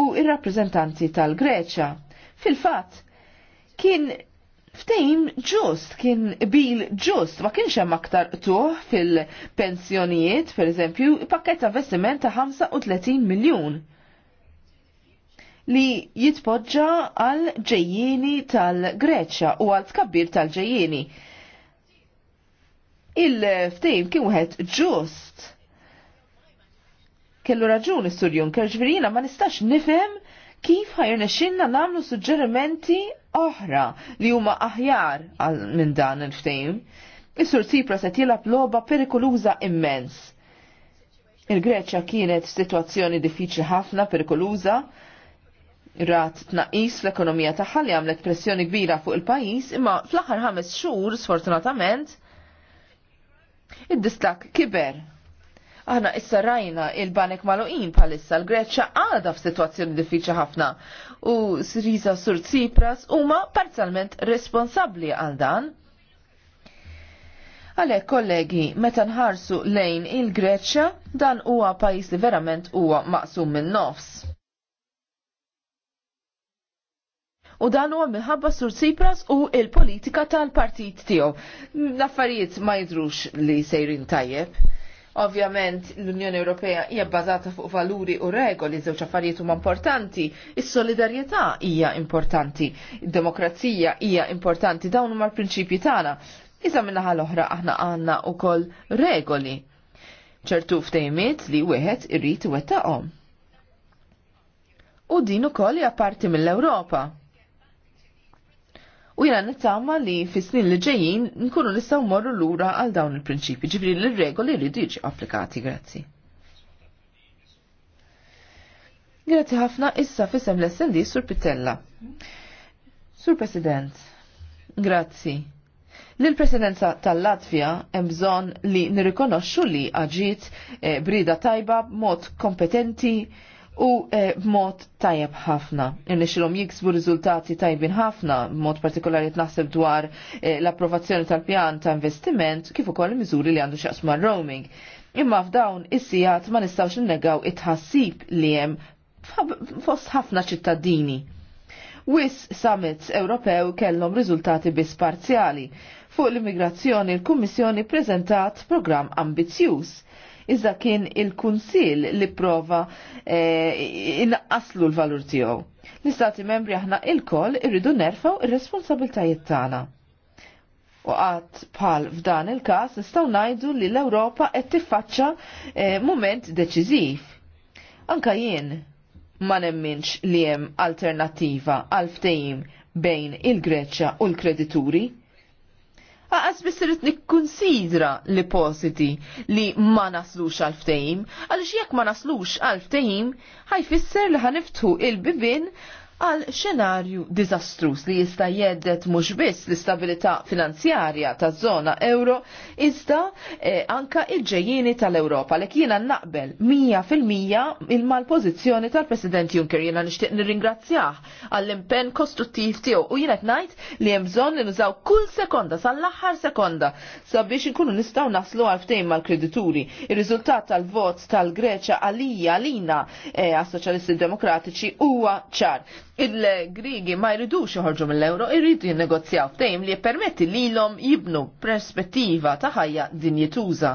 u ir-rappreżentanti tal greċja Fil-fatt, kien ftejn ġust, kien bil ġust, ma kienx hemm aktar tuħ fil-pensjonijiet, per eżempju, pakket ta' vestiment ta' 35 miljun li jitpoġġa għal ġejjini tal-Greċja u għal tkabbir tal-ġejjini. Il-ftejm kien wieħed ġust kellu raġun is-Sur Juncker ġvirina ma nistax nifhem kif xinna nagħmlu suġġerimenti oħra li huma aħjar minn dan il-ftehim. Is-Sur Tsipras qed jilgħab logħba perikoluża immens. Il-Greċja kienet f'sitwazzjoni diffiċli ħafna perikoluża, rat tnaqis fl-ekonomija tagħha li għamlet pressjoni kbira fuq il-pajjiż, imma fl-aħħar ħames xhur sfortunatament id-distak kiber Aħna issa rajna il-banek maluqin palissa l-Greċa għada f'sitwazzjoni diffiċli ħafna u Siriza Sur Tsipras huma parzialment responsabbli għal dan. Għale kollegi, meta nħarsu lejn il-Greċja, dan huwa pajis li verament huwa maqsum minn nofs. u dan huwa minħabba Sur Tsipras u il-politika tal-partit tiegħu. L-affarijiet ma jidrux li sejrin tajjeb. Ovvjament l-Unjoni Ewropea hija bbażata fuq valuri u regoli żewġ affarijiet huma importanti, is-solidarjetà hija importanti, id-demokrazija hija importanti, dawn huma l-prinċipji tagħna. Iżda minnaħa l-oħra aħna għandna wkoll regoli ċertu ftejmiet li wieħed irrid iwettaqhom. U din ukoll hija parti mill-Ewropa U jena nittama li fis snin li ġejjin nkunu nistaw morru l-ura għal dawn il-prinċipi, ġifri l-regoli rridu diġi applikati, grazzi. Grazzi ħafna issa fisem l-SND Sur Pitella. Sur President, grazzi. lil presidenza tal-Latvija hemm bżonn li nirrikonoxxu li aġiet eh, brida tajba b'mod kompetenti u eh, b'mod tajjeb ħafna. Irnexilhom jiksbu riżultati tajbin ħafna, b'mod partikolari naħseb dwar eh, l-approvazzjoni tal-pjan ta' investiment kif ukoll miżuri li għandu xaqsma roaming. Imma f'dawn is-sijat ma nistgħux negaw it-ħassib li jem fost ħafna ċittadini. Wis summits Ewropew kellhom riżultati biss parzjali. Fuq l-immigrazzjoni l-Kummissjoni preżentat programm ambizzjuż iżda kien il-Kunsil li prova eh, inqaslu l-valur tiegħu. L-Istati membri aħna il-koll irridu nerfaw ir-responsabiltajiet tagħna. U għat pal f'dan il-kas nistaw najdu li l-Europa qed tiffaċċa eh, moment deċiżiv. Anka jien ma nemminx li hemm alternattiva għal ftehim bejn il-Greċja u l-kredituri. Aqas biss irrit nikkunsidra li positi li ma naslux għal ftehim, għaliex jekk ma naslux għal ftehim, ħajfisser li ħaniftu il-bibin għal xenarju dizastrus li jista' jeddet mhux biss l-istabilità finanzjarja taż-żona euro iżda eh, anka il-ġejjini tal-Ewropa li jiena naqbel 100% il-mal-pożizzjoni tal-President Juncker jiena nixtieq nirringrazzjah għall-impenn kostruttiv tiegħu u jiena ngħid li hemm bżonn li nużaw kull sekonda sal-aħħar sekonda sabiex inkunu nistgħu naslu għal ftehim mal-kredituri. Ir-riżultat tal-vot tal-Greċa għalija għalina eh, għas-Soċjalisti Demokratiċi huwa ċar il-Grigi ma jridux joħorġu mill-euro, jridu jinnegozjaw ftejm li jippermetti lilhom jibnu perspettiva ta' ħajja dinjetuża.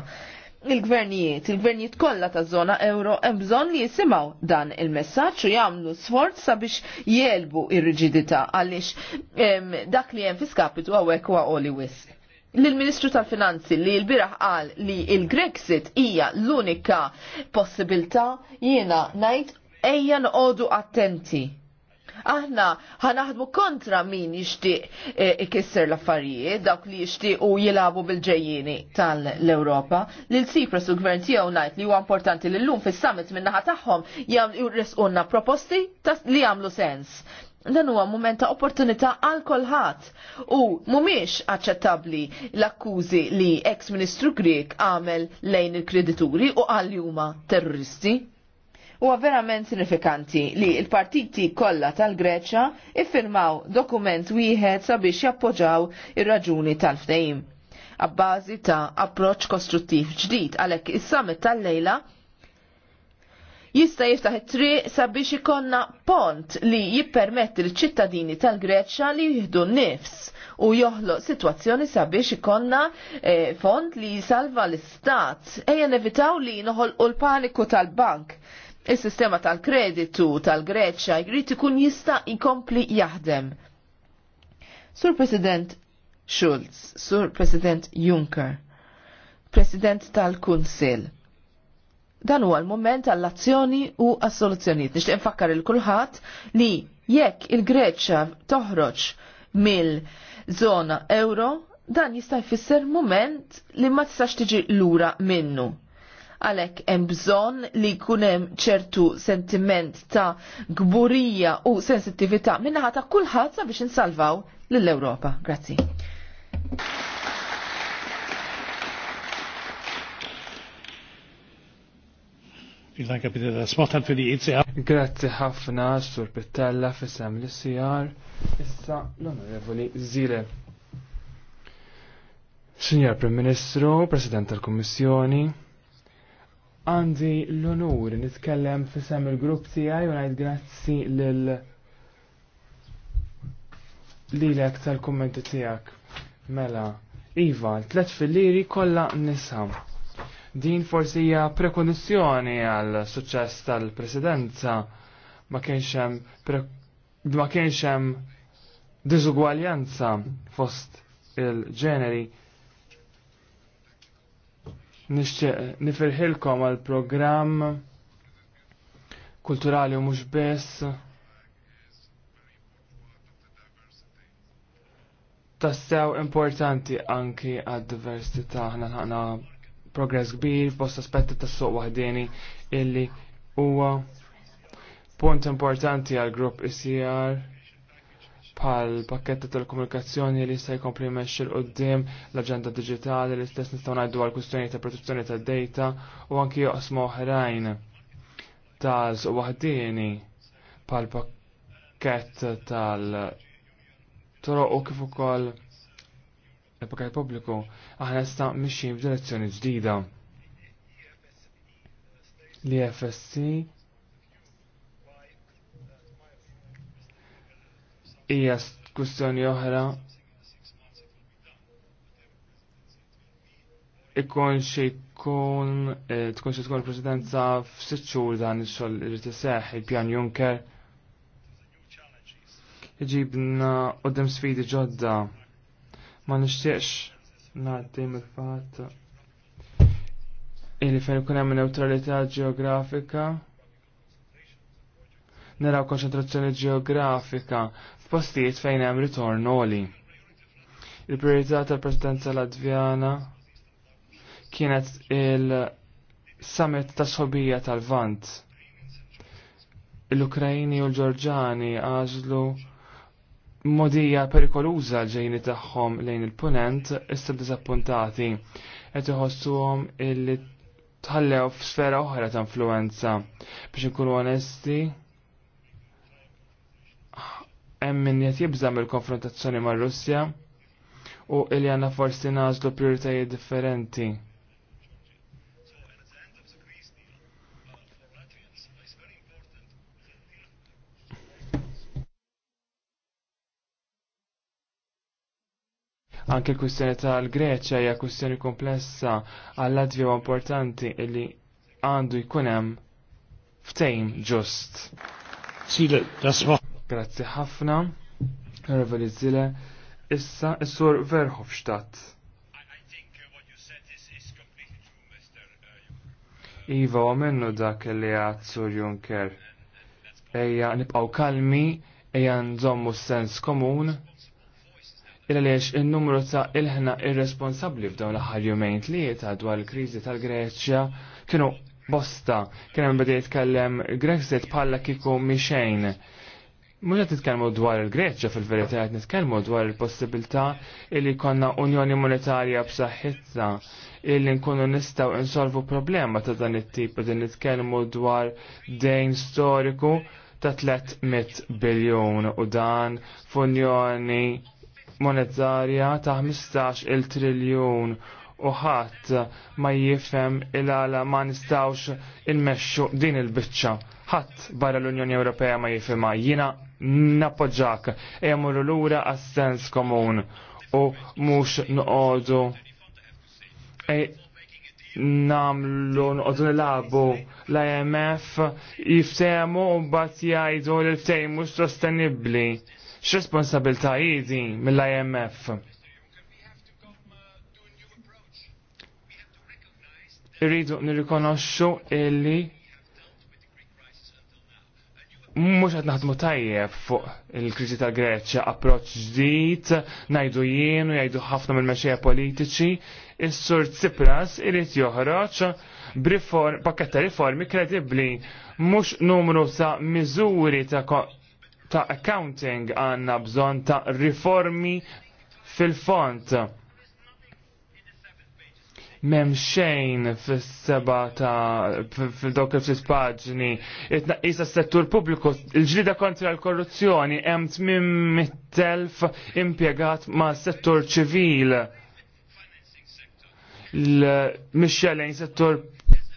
Il-gvernijiet, il-gvernijiet kollha ta' zona euro hemm bżonn li jisimgħu dan il-messaġġ u jagħmlu sforz sabiex jelbu ir-riġidità għaliex dak li hemm fiskapitu hawnhekk huwa qoli wisq lill ministru tal-Finanzi li l-biraħ qal li il-Grexit hija l-unika possibilità jiena ngħid ejja noqogħdu attenti Aħna ħanaħdmu kontra min jixtieq e, ikisser l-affarijiet, dawk li jixtieq u jilabu bil-ġejjini tal-Ewropa. Lil cipras u gvern tiegħu ngħid li huwa importanti li llum fis-summit min-naħa tagħhom jirresqulna proposti li jagħmlu sens. Dan huwa mument ta' opportunità għal kulħadd u mhumiex aċċettabbli l-akkużi li ex-Ministru Grek għamel lejn il-kredituri u għal huma terroristi huwa verament sinifikanti li il-partiti kollha tal-Greċja iffirmaw dokument wieħed sabiex jappoġġaw ir-raġuni tal-ftehim. Abbażi ta' approċċ kostruttiv ġdid għalhekk is-summit tal-lejla jista' jiftaħ it-triq sabiex ikonna pont li jippermetti l-ċittadini tal greċja li jieħdu nifs u joħloq sitwazzjoni sabiex ikonna eh, font li jisalva l-istat. Ejja nevitaw li noħolqu l-paniku tal-bank il-sistema tal-kreditu tal-Greċja jrid ikun jista' jkompli jaħdem. Sur President Schulz, Sur President Juncker, President tal-Kunsill. Dan huwa l-moment għall-azzjoni u għas-soluzzjonijiet. Nixtieq nfakkar il kulħadd li jekk il-Greċja toħroġ mill-żona euro, dan jista' jfisser moment li ma tistax tiġi lura minnu għalhekk hemm bżonn li jkun hemm ċertu sentiment ta' gburija u sensittività minnaħa ta' kulħadd sabiex insalvaw lill-Ewropa. Grazzi. E Grazie ħafna sur Pittella fisem l-CR. Issa l-Onorevoli Zile. Signor Prim Ministru, President tal-Kommissjoni, għandi l-onur nitkellem fissem il-grupp tijaj u għajt grazzi l-l. lilek tal-kommenti tijak. Mela, Iva, tlet fil-liri kolla nisa. Din forsi hija prekondizjoni għal suċċess tal-presidenza ma kienx hemm ma kienx hemm diżugwaljanza fost il-ġeneri Nixtieq nifirħilkom għal programm kulturali u mhux biss tassew importanti anki għad diversità ħna ħana progress kbir f'bost aspetti tas-suq waħdieni illi huwa punt importanti għal grupp ICR e bħal pakketta telekomunikazzjoni li se jkompli il l qoddim l-aġenda digitali li stess nistgħu ngħidu għal kwistjoni ta' protezzjoni tad-data u anki joqsmu oħrajn tal suq waħdini bħal pakkett tal toroq u kif ukoll il-pakkett pubbliku aħna sta mixjin f'direzzjoni ġdida. Li e FSC hija kwistjoni oħra ikun xi jkun eh, tkun xi tkun presidenza f'sitt xhur dan ix-xogħol irid iseħħ il-pjan Juncker. Iġibna qudiem sfidi ġodda. Ma nixtieqx ngħaddi mill-fatt illi fejn ikun hemm neutralità ġeografika naraw konċentrazzjoni ġeografika f'postijiet fejn hemm ritorn oli. Il-priorità tal-Presidenza Latvjana kienet il-summit ta' sħobija tal-Vant. l ukrajini u l-Ġorġani għażlu modija perikoluża ġejni tagħhom lejn il-punent issa diżappuntati qed iħossuhom illi tħallew f'sfera oħra ta' influenza. Biex inkunu onesti, hemm min qed jibżam il-konfrontazzjoni mar-Russja u li għandna forsi nażlu prioritajiet differenti. Anke l-kwistjoni tal-Greċja hija kwistjoni komplessa għal latvija importanti illi għandu jkun hemm ftejm ġust. Sile, Grazzi ħafna, Reveli Zile, issa s-sur Verhofstadt. Iva, u minnu dak li għad sur Juncker. Eja, nipqaw kalmi, eja nżommu sens komun, illa liex il-numru ta' il-ħna irresponsabli f'dawn l-ħar jumejn tlieta dwar il-kriżi tal-Greċja kienu bosta kien hemm bdejt kellem Grexit bħalla kieku xejn. Mux għet nitkelmu dwar il-Greċja fil-verità, għet nitkelmu dwar il-possibilità illi konna unjoni monetarja b'saħħitna illi nkunu nistaw insolvu problema ta' dan it-tip, għet nitkelmu dwar dejn storiku ta' 300 biljon u dan f'unjoni monetarja ta' 15 il-triljun u ħadd ma jifhem il-għala ma nistawx il-mexxu din il-biċċa. Ħadd barra l-Unjoni Ewropea ma jifhimha jiena nappoġġak jemur lura għas-sens komun u mux nqodu e, namlu nqodu nilabu l-IMF jiftemu u bat jajdu l-ftejn mux sostenibli x-responsabilta jidi mill-IMF. Irridu nirrikonoxxu illi Mux għad naħdmu tajjeb fuq il-kriżi ta' Greċja, approċ ġdid, najdu jien u jgħidu ħafna mill-mexxejja politiċi, is-sur Tsipras irid joħroġ b'riform ta' riformi kredibbli mhux numru ta' miżuri ta' ta' accounting għandna bżonn ta' riformi fil-font mem xejn fis-seba ta' fil-dawk fil ftit paġni. Itnaqqisa s-settur pubbliku, il-ġlida kontra l-korruzzjoni hemm tmim mit-telf impjegat ma' settur ċivil. Mixxelejn settur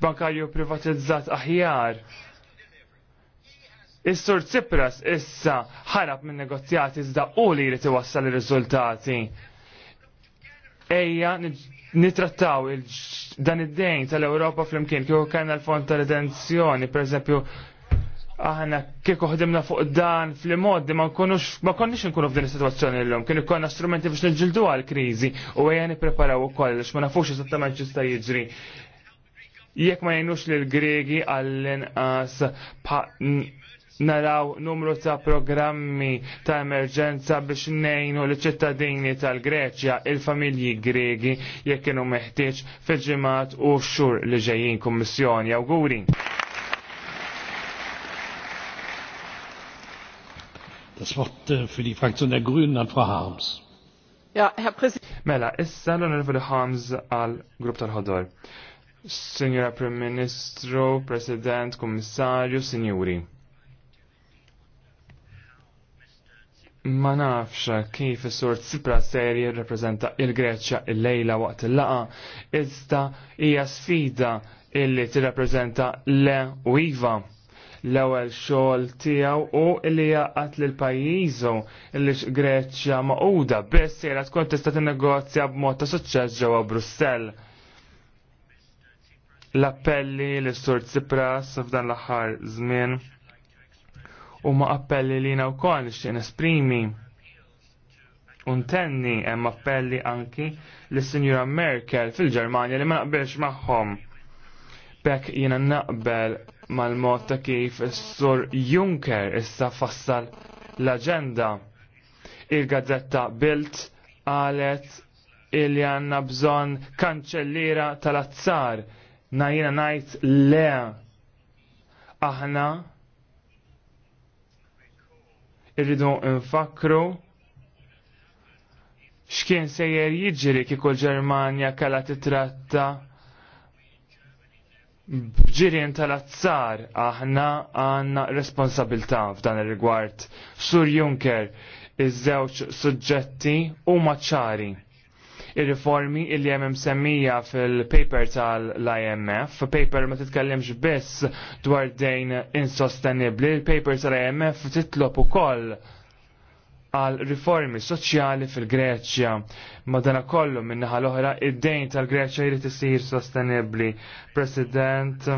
bankarju privatizzat aħjar. Is-sur Tsipras issa ħarab minn negozjati iżda u li jrid iwassal ir-riżultati. Ejja, nitrattaw dan id-dejn tal-Europa fl-imkien, kieku kanna l-fond tal-redenzjoni, per eżempju, aħna kieku ħdimna fuq dan fl-modi ma nkunux ma konniex nkunu f'din is l llum, kien ikkonna strumenti biex nġildu għall-kriżi u ejja nippreparaw ukoll għax ma nafux eżattament x'ista jiġri. Jekk ma jgħinux l Gregi għall-inqas naraw numru ta' programmi ta' emerġenza biex nejnu l ċittadini tal-Greċja il-familji Gregi jekk kienu meħtieġ fil-ġimgħat u xhur li ġejjin kummissjoni awguri. Das Wort äh, für die Fraktion der Grünen an Frau Harms. Ja, Herr Präsident. Mela, issa l-Onorevoli Harms għal Grupp tal-Ħodor. Signora Prim Ministru, President, Kommissarju, Signori Ma nafx kif is-sur Sipra serji jirrepreżenta il-Greċja il-lejla waqt il-laqa, iżda hija sfida illi tirrappreżenta le u iva l-ewwel xogħol tiegħu u li jaqat lil pajjiżu li Greċja maquda biss jera tkun tista' tinnegozja b'mod ta' suċċess ġewwa Brussell. L-appelli l sur Tsipras f'dan l-aħħar żmien u ma appelli li jina u kol nixtieq nesprimi. Untenni hemm appelli anki lis-Sinjura Merkel fil-Ġermanja li ma naqbilx magħhom. Bekk jiena naqbel mal-mod ta' kif is-Sur Juncker issa fassal l-aġenda. Il-Gazzetta Bilt qalet il għanna bżon kanċellira tal-azzar na jina najt le aħna irridu nfakru xkien sejjer jiġri kieku l-Ġermanja kalla titratta bġirien tal-azzar aħna għanna responsabilta f'dan ir-rigward. Sur Juncker, iż-żewġ suġġetti u maċċari ir-riformi il li hemm semmija fil-paper tal-IMF. Paper ma titkellimx biss dwar dejn insostenibbli, il-paper tal-IMF titlob ukoll għal riformi soċjali fil-Greċja. dana kollu minna l-oħra id-dejn tal-Greċja jrid isir sostenibli. President,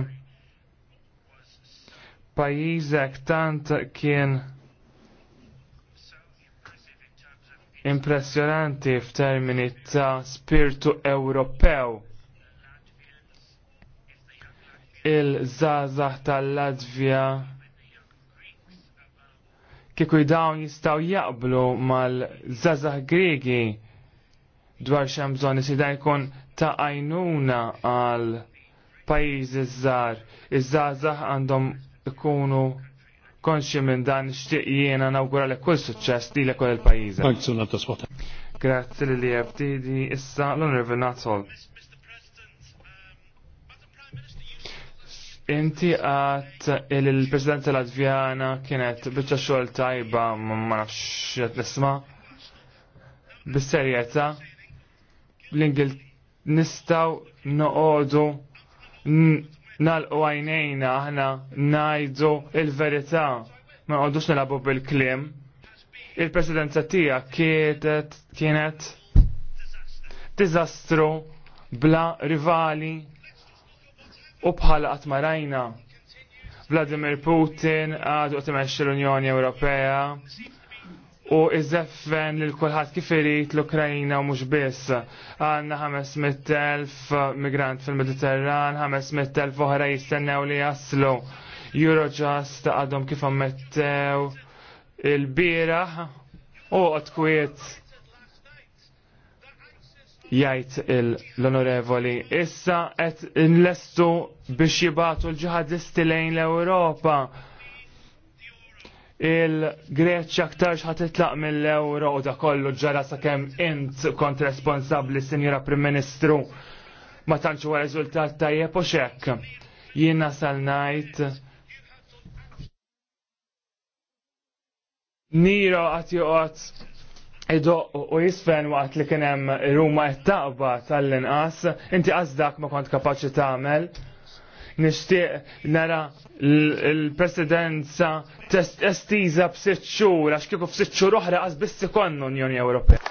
pajizek tant kien impressjonanti f'termini ta' spiritu Ewropew. Il-żazah tal-Latvija kieku dawn jistaw jaqblu mal-żazah Grigi dwar xem bżon isida jkun ta' għajnuna għal pajizi żar. Iż-żazah għandhom ikunu konxie minn dan xtieq jiena nawgura li kull suċċess li lek il-pajjiż. Grazzi li jabtidi issa l-Onorevoli Nazzol. Inti għat il-Presidenza Latvijana kienet bieċa xogħol tajba ma nafx qed nisma. Bis-serjetà l-Ingil nistaw noqogħdu nalqu għajnejna aħna najdu il-verità ma għodux nilabu bil-klim. Il-presidenza tija kienet kienet dizastru bla rivali u bħala għatmarajna. Vladimir Putin għadu għatimex l-Unjoni Ewropea u iżeffen lil kulħadd kif irid l ukrajina u mhux biss. Għandna 500,000 migrant fil-Mediterran, 500,000 oħra jistennew li jaslu. Eurojust għadhom kif ammettew il-bieraħ u għatkwiet jgħid l-onorevoli. Issa qed nlestu biex jibatu l-ġihadisti lejn l-Ewropa il-Greċja aktar ħat itlaq mill-euro u da kollu ġara sakemm int kont responsabbli sinjura Prim Ministru ma tantx huwa riżultat tajjeb u xekk. Jiena sal-najt Niro għat joqgħod Ido u jisfen waqt li kien hemm Ruma qed taqba tal-inqas, inti għazdak ma kont kapaċi tagħmel nishtiq nara l-presidenza estiża b-sitxur, għax kieku b-sitxur uħra għaz bissi konnu Unjoni Ewropea.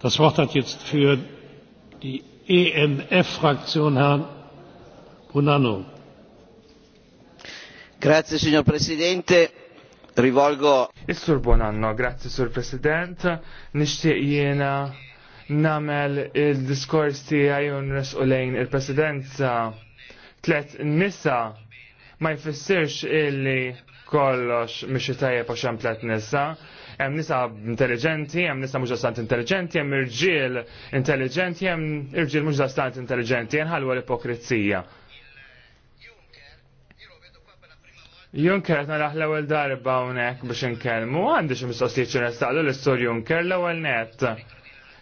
Das Wort hat jetzt für die ENF-Fraktion, Herr Brunano. Grazie, signor Presidente. Rivolgo. is buon anno grazie Sur President. Nixtieq jiena namel il-diskors tiegħi unres u lejn il-Presidenza. Tlet nisa ma jfissirx illi kollox mhix tajjeb għax hemm tlet nisa hemm nisa intelligenti, hemm nisa mhux dastant intelligenti, hemm irġiel intelligenti, hemm irġiel mhux dastant intelligenti, jenħallu l-ipokrizija. Junker qed naraħ l-ewwel darba hawnhekk biex inkellmu, għandi xi mistoqsijiet xi nestaqlu l-istor Junker l-ewwel net.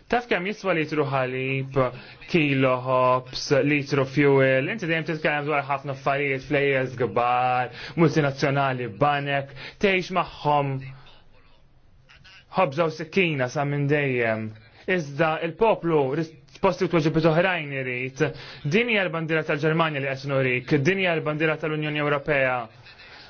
Taf kemm jiswa litru ħalib, kilo hops, litru fuel, inti dejjem titkellem dwar ħafna affarijiet flejjes kbar, multinazzjonali banek, tgħix magħhom ħobża u sikkina sa' minn dejjem. Iżda il-poplu posti tweġib oħrajn bitoħrajn Din hija l-bandira tal-Ġermanja li qed dinja din hija l-bandira tal-Unjoni Ewropea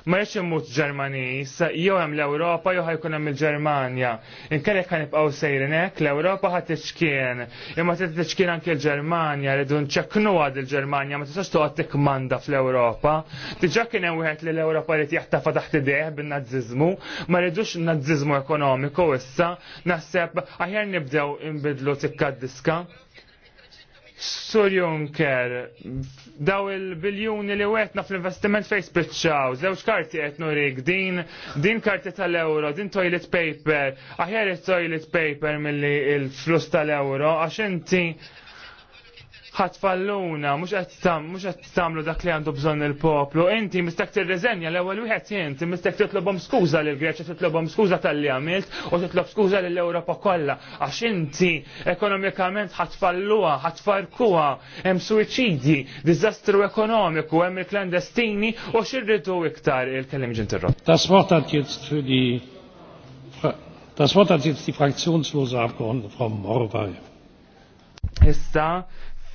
ma jiex imut Ġermanis, jew hemm l-Ewropa jew ħajkun hemm il-Ġermanja. Inkellek ħanibqgħu sejrin hekk, l-Ewropa ħad tiċkien, imma se tiċkien anke l-Ġermanja rridu nċekknuha il ġermanja ma tistax toqgħod tikmanda fl-Ewropa. Diġà kien hemm wieħed li l-Ewropa li jaħtafa taħt idejh bin-Nazzizmu, ma rridux nazzizmu ekonomiku issa, naħseb aħjar nibdew inbidlu tikka diska. Sur Juncker, daw il-biljuni li wetna fl-investiment fej spiċċaw, zewġ karti qed nurik, din, din karti tal-euro, din toilet paper, aħjar toilet paper milli il-flus tal-euro, għax inti ħatfalluna, mux għattam, mux għattamlu dak li għandu bżon il-poplu. Inti mistak t-rezenja l-ewel wieħed inti mistak t-tlobom skuza l-Greċa, t-tlobom skuza tal-li għamilt u t-tlob skuza l-Europa kolla, għax inti ekonomikament ħatfalluha, ħatfarkuha, hemm suicidi, dizastru ekonomiku, hemm il-klandestini u xirridu iktar il-kellim ġinterro. Das Wort hat jetzt die fraktionslose Abgeordnete Frau Morvay. da?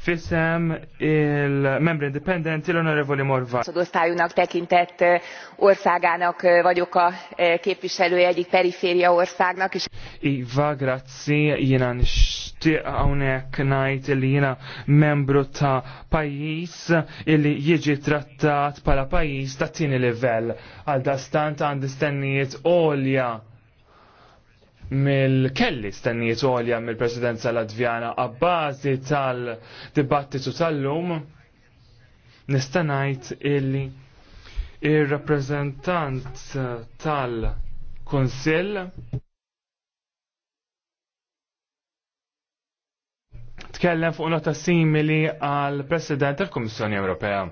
Fissem il-membri Independent l-Onorevoli Morva. Szodosztályúnak tekintett eh, országának eh, vagyok a eh, képviselő egyik periféria országnak is. Iva, grazzi, jina nishtiq għonek najt li jina membru ta' pajis illi jieġi trattat pala pajis ta' tini livell. Għal dastant għandistennijiet olja mill-kelli stennijiet għolja mill-presidenza latvjana għabbażi tal-dibattitu tal-lum nistanajt illi il-rappresentant tal-konsil tkellem fuq nota simili għal president tal komissjoni Ewropea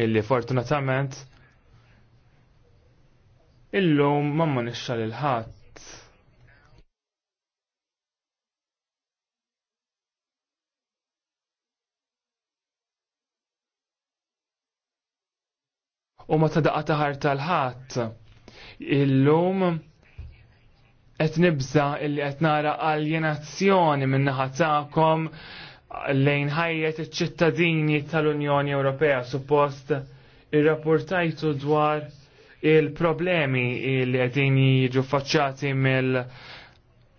illi fortunatament illum ma monixxa il ħadd u ma ta' taħar tal-ħadd. Illum qed nibza illi qed nara aljenazzjoni minn naħa tagħkom lejn ħajjet iċ-ċittadini tal-Unjoni Ewropea suppost ir-rapportajtu dwar il-problemi li qegħdin jiġu faċċati mill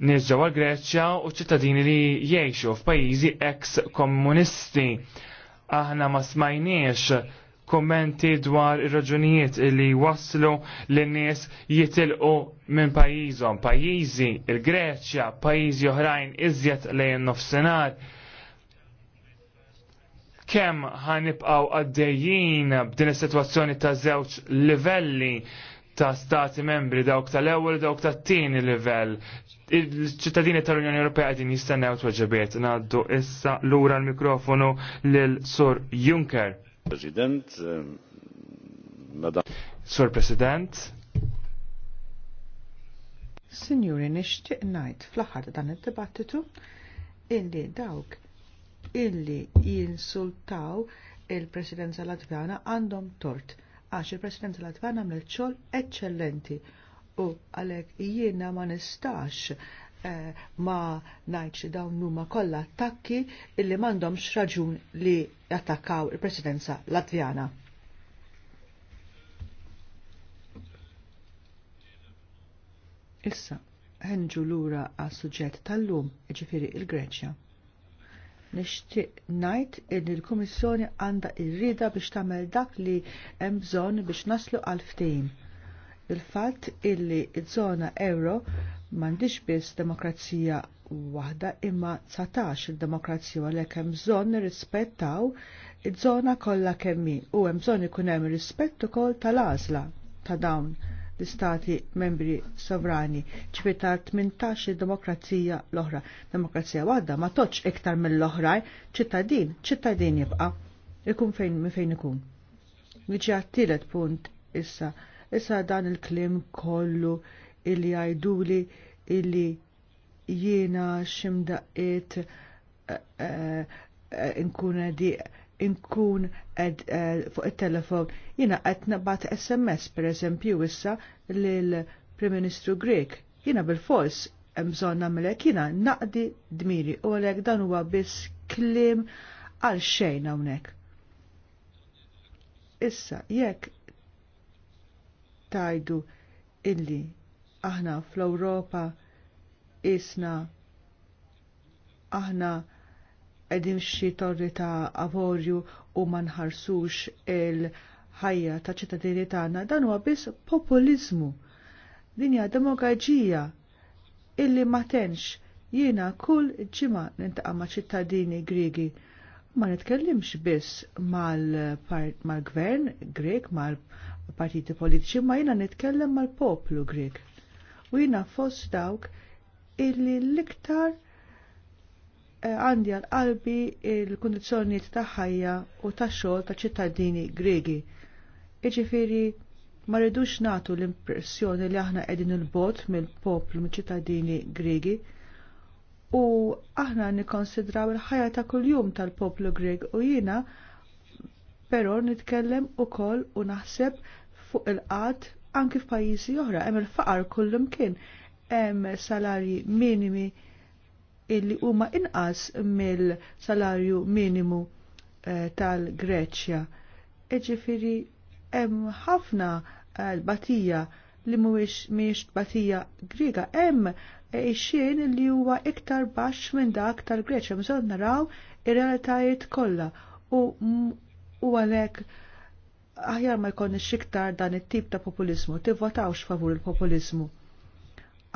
nies ġewwa Greċja u ċittadini li jgħixu f'pajjiżi ex komunisti. Aħna ma smajniex kommenti dwar raġunijiet li waslu l-nies jitilqu minn pajizom. Pajizi, il-Greċja, pajizi oħrajn iżjed lejn nofsenar. Kem ħanibqaw għaddejjien b'din is-sitwazzjoni ta' żewġ livelli ta' stati membri dawk tal-ewwel dawk tat-tieni livell. Il-ċittadini tal-Unjoni Ewropea qegħdin jistennew tweġibiet ngħaddu issa lura l-mikrofonu lil Sur Juncker. President, eh, madam. Sur President. Signori, nishtiq najt fl-ħar dan il-dibattitu illi dawk illi jinsultaw il-presidenza Latvjana għandhom tort għax il-presidenza Latvjana mel-ċol eccellenti u għalek jiena ma nistax Eh, ma ngħidx dawn huma kollha attakki illi m'għandhomx raġun li attakkaw il-Presidenza Latvjana. Issa, ħenġu lura għas suġġett tal-lum, ġifiri il-Greċja. Nixtieq ngħid in il-Kummissjoni għandha ir biex tagħmel dak li hemm bżonn biex naslu għal ftehim il-fatt illi iż-żona euro m'għandix biss demokrazija waħda imma 19 il-demokrazija għalhekk hemm bżonn nirrispettaw iż-żona kollha kemm hi u hemm bżonn ikun hemm rispett ukoll tal-għażla ta' dawn l-istati membri sovrani ċbir ta' 18 demokrazija l-oħra. Demokrazija waħda ma toċ iktar mill-oħrajn, ċittadin, ċittadin jibqa' ikun fejn fejn ikun. Niġi għattilet punt issa Issa dan il-klim kollu illi għajduli illi jiena ximdaqiet eh, eh, eh, nkun għedi inkun ed, fuq il-telefon jiena qed nabat SMS per eżempju issa lill-Prim Ministru Grek. Jiena bil-fors hemm bżonn jiena naqdi dmiri u għalhekk dan huwa biss klim għal xejn hawnhekk. Issa jekk tajdu illi aħna fl-Ewropa isna aħna qegħdin xi torri ta' avorju u ma nħarsux il-ħajja ta' ċittadini tagħna dan huwa biss populizmu, Din hija demagoġija illi ma tenx jiena kull ġimgħa nintaqa' ma' ċittadini Griegi ma nitkellimx biss mal-gvern mal Grek, mal-, partiti politiċi, ma jina nitkellem mal-poplu Grek. U jina fost dawk illi l-iktar eh, għandi għal qalbi il-kondizjoniet ta' ħajja u ta' xogħol ta' ċittadini Gregi. Iġifiri, ma rridux nagħtu l-impressjoni li aħna qegħdin il-bot mill-poplu mill-ċittadini Gregi u aħna nikkonsidraw il-ħajja ta' kuljum tal-poplu Greg u jiena però nitkellem ukoll u naħseb fuq il-qad anki f'pajjiżi oħra hemm il-faqar kullimkien hemm salarji minimi illi huma inqas mill-salarju minimu eh, tal-Greċja. Iġifieri hemm ħafna eh, l-batija li mhuwiex mhijiex batija Griega hemm eh, ixxien li huwa iktar baxx minn dak tal-Greċja, mżonn naraw ir-realtajiet kollha u għalhekk aħjar ma jkonniex iktar dan it-tip ta' populizmu, tivvotawx favur il-populizmu.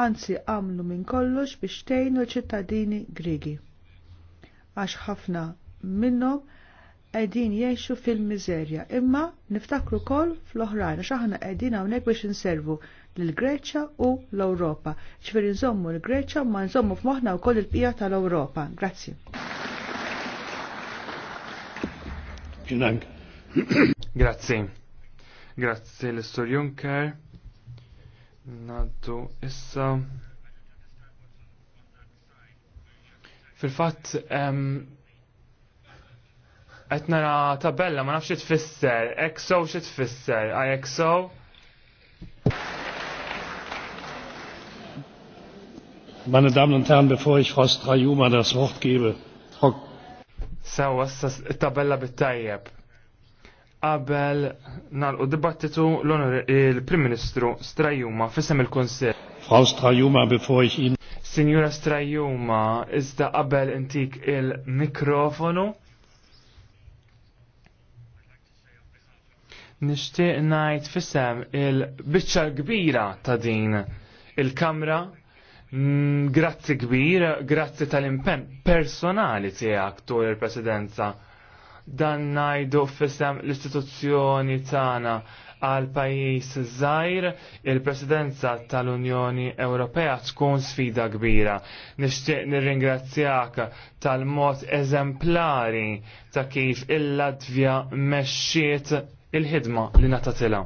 Anzi għamlu minn kollox biex tejnu l-ċittadini Griegi. Għax ħafna minnhom qegħdin jgħixu fil-miżerja, imma niftakru kol fl-oħrajn għax aħna qegħdin hawnhekk biex inservu l-Greċja u l-Ewropa. Ċifieri nżommu l-Greċja ma nżommu f'moħħna wkoll il-qija tal-Ewropa. Grazzi. Grazzi. Grazzi l istor Juncker. Naddu issa. fil fat etna nara tabella ma nafx tfisser, XO xi tfisser, IXO. Meine Damen und Herren, bevor ich Frau Strajuma das Wort gebe, Frau So, was ist das tabella bit-tajjeb. Qabel nalqu dibattitu l-Prim Ministru Strajuma fissem il-Konsil. Frau Strajuma, bevor ich Ihnen. Signora Strajuma, iżda qabel intik il-mikrofonu. Nishtiq najt fissem il-bicċa kbira ta' din il-kamra. Mm, grazzi kbir, grazzi tal-impen personali tiegħek tul il-presidenza dan najdu fissem l-istituzzjoni tagħna għal pajjiż żgħir il-Presidenza tal-Unjoni Ewropea tkun sfida kbira. Nixtieq nirringrazzjak tal-mod eżemplari ta' kif il-Latvja mexxiet il-ħidma li natatila.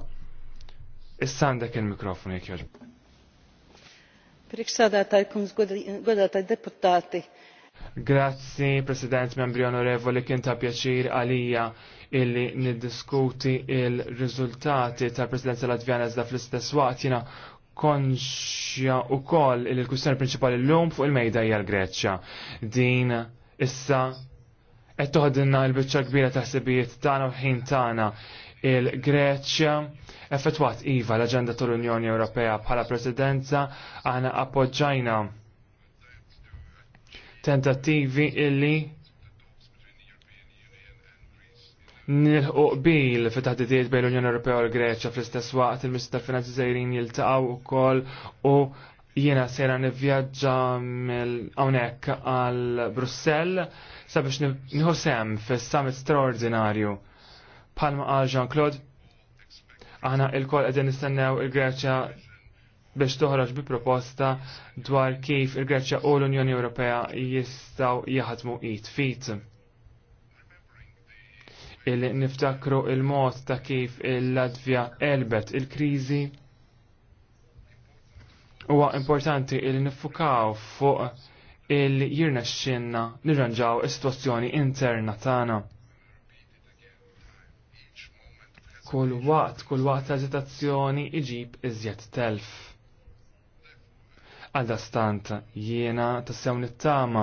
Issa għandek il-mikrofon jekk Priekšsādātāji kungs, godātāji deputati. Grazzi, President, membri onorevoli, kien ta' pjaċir għalija illi niddiskuti il-rizultati tal-Presidenza Latvjana zda fl-istess waqt jina konxja u koll il-kustjoni principali l-lum fuq il-mejda hija l-Greċċa. Din issa qed toħdinna l-biċċa kbira ta' ħsibijiet tagħna u ħin tagħna il-Greċja effettwat iva l-aġenda tal-Unjoni Ewropea bħala Presidenza għana appoġġajna tentattivi illi nilħu qbil fi taħdidiet bejn l-Unjoni Ewropea u l-Greċja fl-istess waqt il-Ministru tal-Finanzi Zejrin jiltaqgħu wkoll u jiena sejra nivvjaġġa hawnhekk għal Brussell sabiex nieħu sem fis-summit straordinarju. Palma għal Jean-Claude, aħna il-kol qegħdin nistennew il-Greċja biex toħroġ bi proposta dwar kif il-Greċja u l-Unjoni Ewropea jistaw jaħdmu it fit. Illi niftakru il-mod ta' kif il-Latvja elbet il-krizi huwa importanti il nifukaw fuq il-jirna xinna nirranġaw is-sitwazzjoni interna tagħna. Kull waqt, kull waqt eżitazzjoni iġib iżjed telf. Għadda stant jiena tassew nittama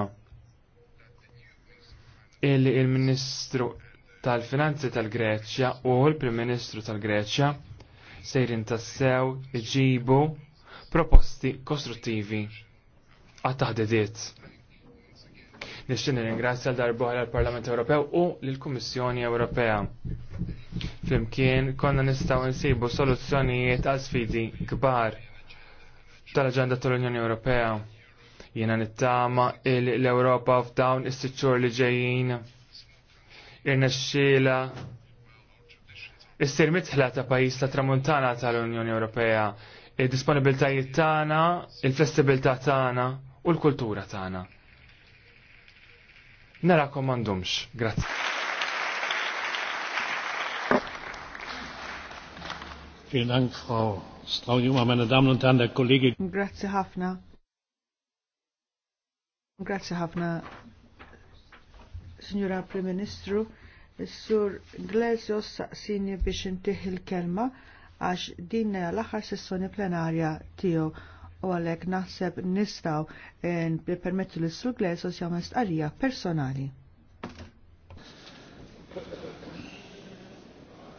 illi il-Ministru tal-Finanzi tal-Greċja u l-Prim Ministru tal-Greċja sejrin tassew iġibu proposti kostruttivi għat-taħdidiet. Nixxin ringrazzja l-darbohra l-Parlament Ewropew u l-Kummissjoni Ewropea. Flimkien konna nistaw nsibu soluzzjonijiet għal sfidi kbar tal-Aġenda tal-Unjoni Ewropea. Jena nittama l-Ewropa f'dawn is-sitxur li ġejjin irnexxiela issir mitħla ta' pajis ta' tramuntana tal-Unjoni Ewropea, il disponibiltajiet tagħna, il-flessibilità tagħna u l-kultura tagħna. Narakom m'għandhomx. Grazie. Vielen Dank, Frau Grazie ħafna. Grazie ħafna, Signora Prim Ministru. sur Glesios saqsini biex intih il-kelma għax din l-aħħar sessjoni plenarja tiegħu u għalhekk naħseb nistgħu eh, nippermettu lis sur Glesios jagħmel stqarrija personali.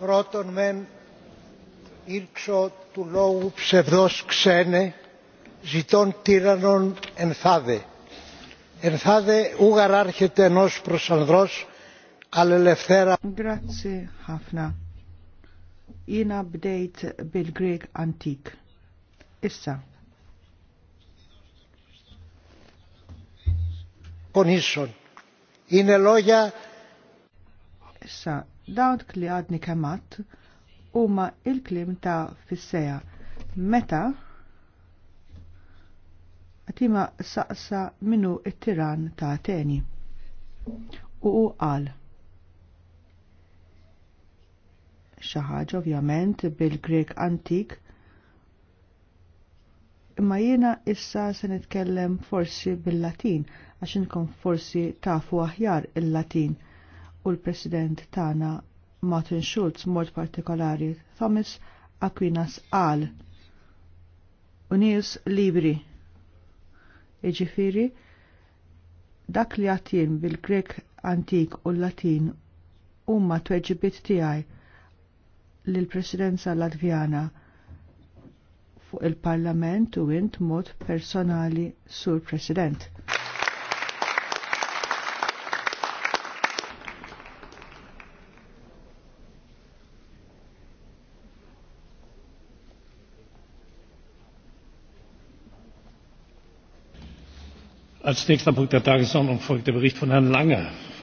Roton men ήρξω του λόγου ψευδός ξένε, ζητών τύραννων ενθάδε. Ενθάδε ούγαρ άρχεται ενός προσανδρός, αλλελευθέρα. Grazie, Hafna. Jina update bil-Grek antik. Issa. Konissον. Είναι λόγια... Issa, dawk li għadni kemat, huma il-klim ta' fissea. Meta għatima saqsa hu it-tiran ta' teni. U u għal. ħaġa ovvjament bil-Grek antik, imma jiena issa se nitkellem forsi bil-Latin, għax inkom forsi tafu aħjar il-Latin u l-President tagħna Martin Schulz mod partikolari, Thomas Aquinas Al, Unius libri. Iġifiri, dak li għatin bil-Grek antik u l-Latin umma tweġibit tiegħi l presidenza Latvjana fuq il-Parlament u int mod personali sur President. Als nächster Punkt der Tagesordnung folgt der Bericht von Herrn Lange.